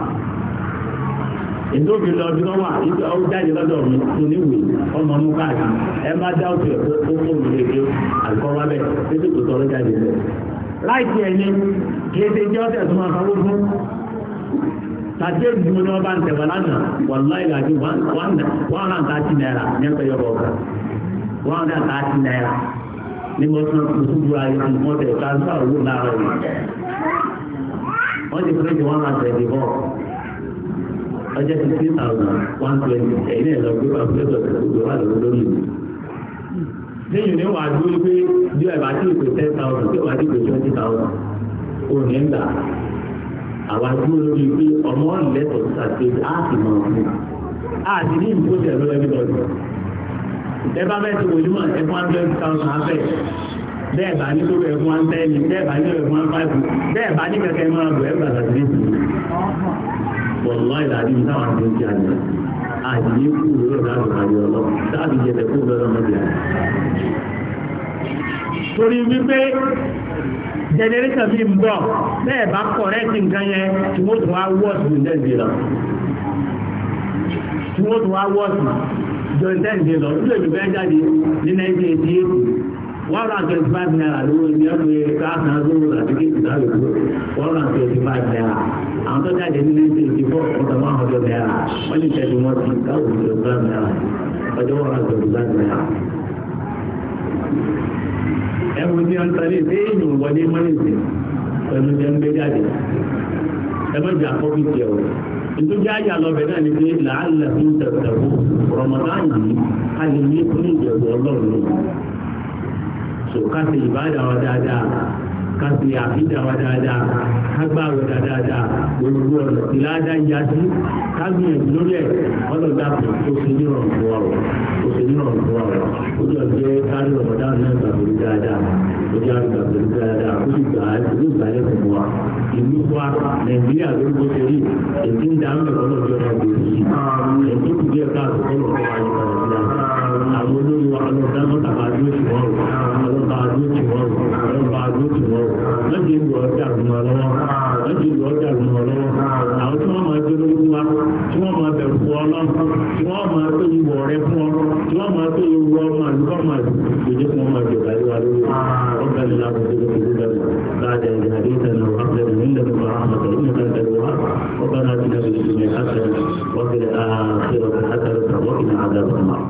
ìdóbi lọ bí wọ́n wà nígbà ó jáde lọ́dọ̀ mi tó níwèé ọmọ mú káàkiri ẹ má dá òkè ó fóònù lédè àkọ́wá bẹ́ẹ̀ títí kò tọ́lọ́ jáde bẹ́ẹ̀ láìsí ẹ̀yìn kí ẹ ti jẹ́ ọ̀sẹ̀ tó máa sanwó fún tàbí èdè mú bá ń tẹ̀wọ̀ lánàá wàláì làbí wọ́n tààtì náírà ní ẹ̀pẹ́ yọ̀bọ̀ ọ̀gá wọ́n tààtì náírà ní mo tún tuntun búra yìí káńtà owó láàárọ̀ yìí wọ́n ti fún ìdí one hundred and four ọjọ́ sixteen thousand one twenty ẹ̀yìn ẹ̀ lọ gbé wà ní wàá dúró pé bí ẹ̀ bá tí ì pè ten thousand tí ì wàá tí ì pè twenty thousand òun ń gbà àwa dúró lórí pé ọmọ ọ̀lẹ́tọ̀ àti áàtì máa fún áàtì ní ìkóṣẹ̀ ló ẹbí lọ́dọ̀ ẹ bá bẹ́ẹ̀ ti wòlúmọ̀ ẹ fún hundred thousand abẹ́ bẹ́ẹ̀ bá ní lórí ẹ̀fún one ten bẹ́ẹ̀ bá ní lórí ẹ̀fún one five bẹ́ẹ̀ bá ní kẹ̀kẹ́ máa bọ̀ ẹ̀ bàtà sí ìsìn wọ̀lọ́ ìlàdí táwọn àti oúnjẹ àjẹ́ àti ní kú lórí ọ̀dà àgbàdo ọlọ́ táàbì jẹ̀tẹ̀ kú lọ́dọ̀ mọ́bìà torí wípé generation mi ń bọ̀ bẹ́ẹ̀ bá correct nǹkan yẹn tí wọ́n tún wá wọ́ọ̀sì ìdẹ́gbẹ̀ lọ tí wọ́n tún wá wọ́ọ̀sì jọ ìdẹ́gbẹ̀ lọ lójú èmi bẹ́ẹ̀ jáde ní 1988 wọ́n rà twenty five naira lówó ní ọ̀pẹ káàkiri lówó àtìkéèkì sáré lówó wọ́n rà twenty five naira àwọn tó jáde ní nineteen eighty four ọ̀dọ̀ one hundred naira wọ́n ní tẹ̀sí wọn sí káwọn twenty five naira ọjọ́ wọn rà twenty five naira ẹ̀wọ̀n tí wọ́n tẹ̀lé ṣé èèyàn wọlé mọ́lẹ́sẹ̀ pẹ̀lú jẹ́ ń gbé jáde ẹ̀mọ́jà kọ́bí jẹ́ o nítorí àyà lọ́bẹ̀ náà ni pé làálẹ̀ tó ń tẹ̀sẹ̀wó rọmọdán yìí a lè ní fún ìjẹ̀wọ̀ ọlọ́run so ká ṣe ìbáyà káfí àfíjà wa dáadáa kágbáàrò dáadáa gbogbo ọ̀nà tí láàdá yá sí kágbìyànjú lórí ẹ̀ ọlọ́dà kò sí ní ọ̀rọ̀ fún ọ̀rọ̀ kò sí ní ọ̀rọ̀ fún ọ̀rọ̀ ó jọ jẹ́ kárí ọ̀dà náà gbàgbé dáadáa ó jẹ́ àgbàgbé dáadáa ó sì gbà á ló gbà á wa ìlú wa nàìjíríà ló ń bó rí ètí ń dá mẹ́kọ̀ọ́ lọ́jọ́ náà gbòòrò yìí ètò kùdíẹ̀ káàkiri ọ̀rọ̀ wa yìí àwọn olórí wa ọlọ́dá mọ́ta bá dúró tì wọ́n o ọlọ́ba dúró tì wọ́n o ọlọ́ba dúró tì wọ́n o lọ́jọ́ ìlú ọjà rùn wọn lọ́wọ́ lọ́jọ́ ìlú ọjà rùn wọn lọ́wọ́ àwọn tí wọ́n máa dúró lórí wa tí wọ́n máa bẹ̀rù fún ọ lọ́wọ́ tí wọ́n máa tó ìwọ̀ rẹ fún ọ tí wọ́n máa tó ìwọ̀ ọmọ àlùkọ́ ọmọ àlùkọ́ ìjẹ́kùn ọmọ àjọ وفي الآخرة وقنا عذاب النار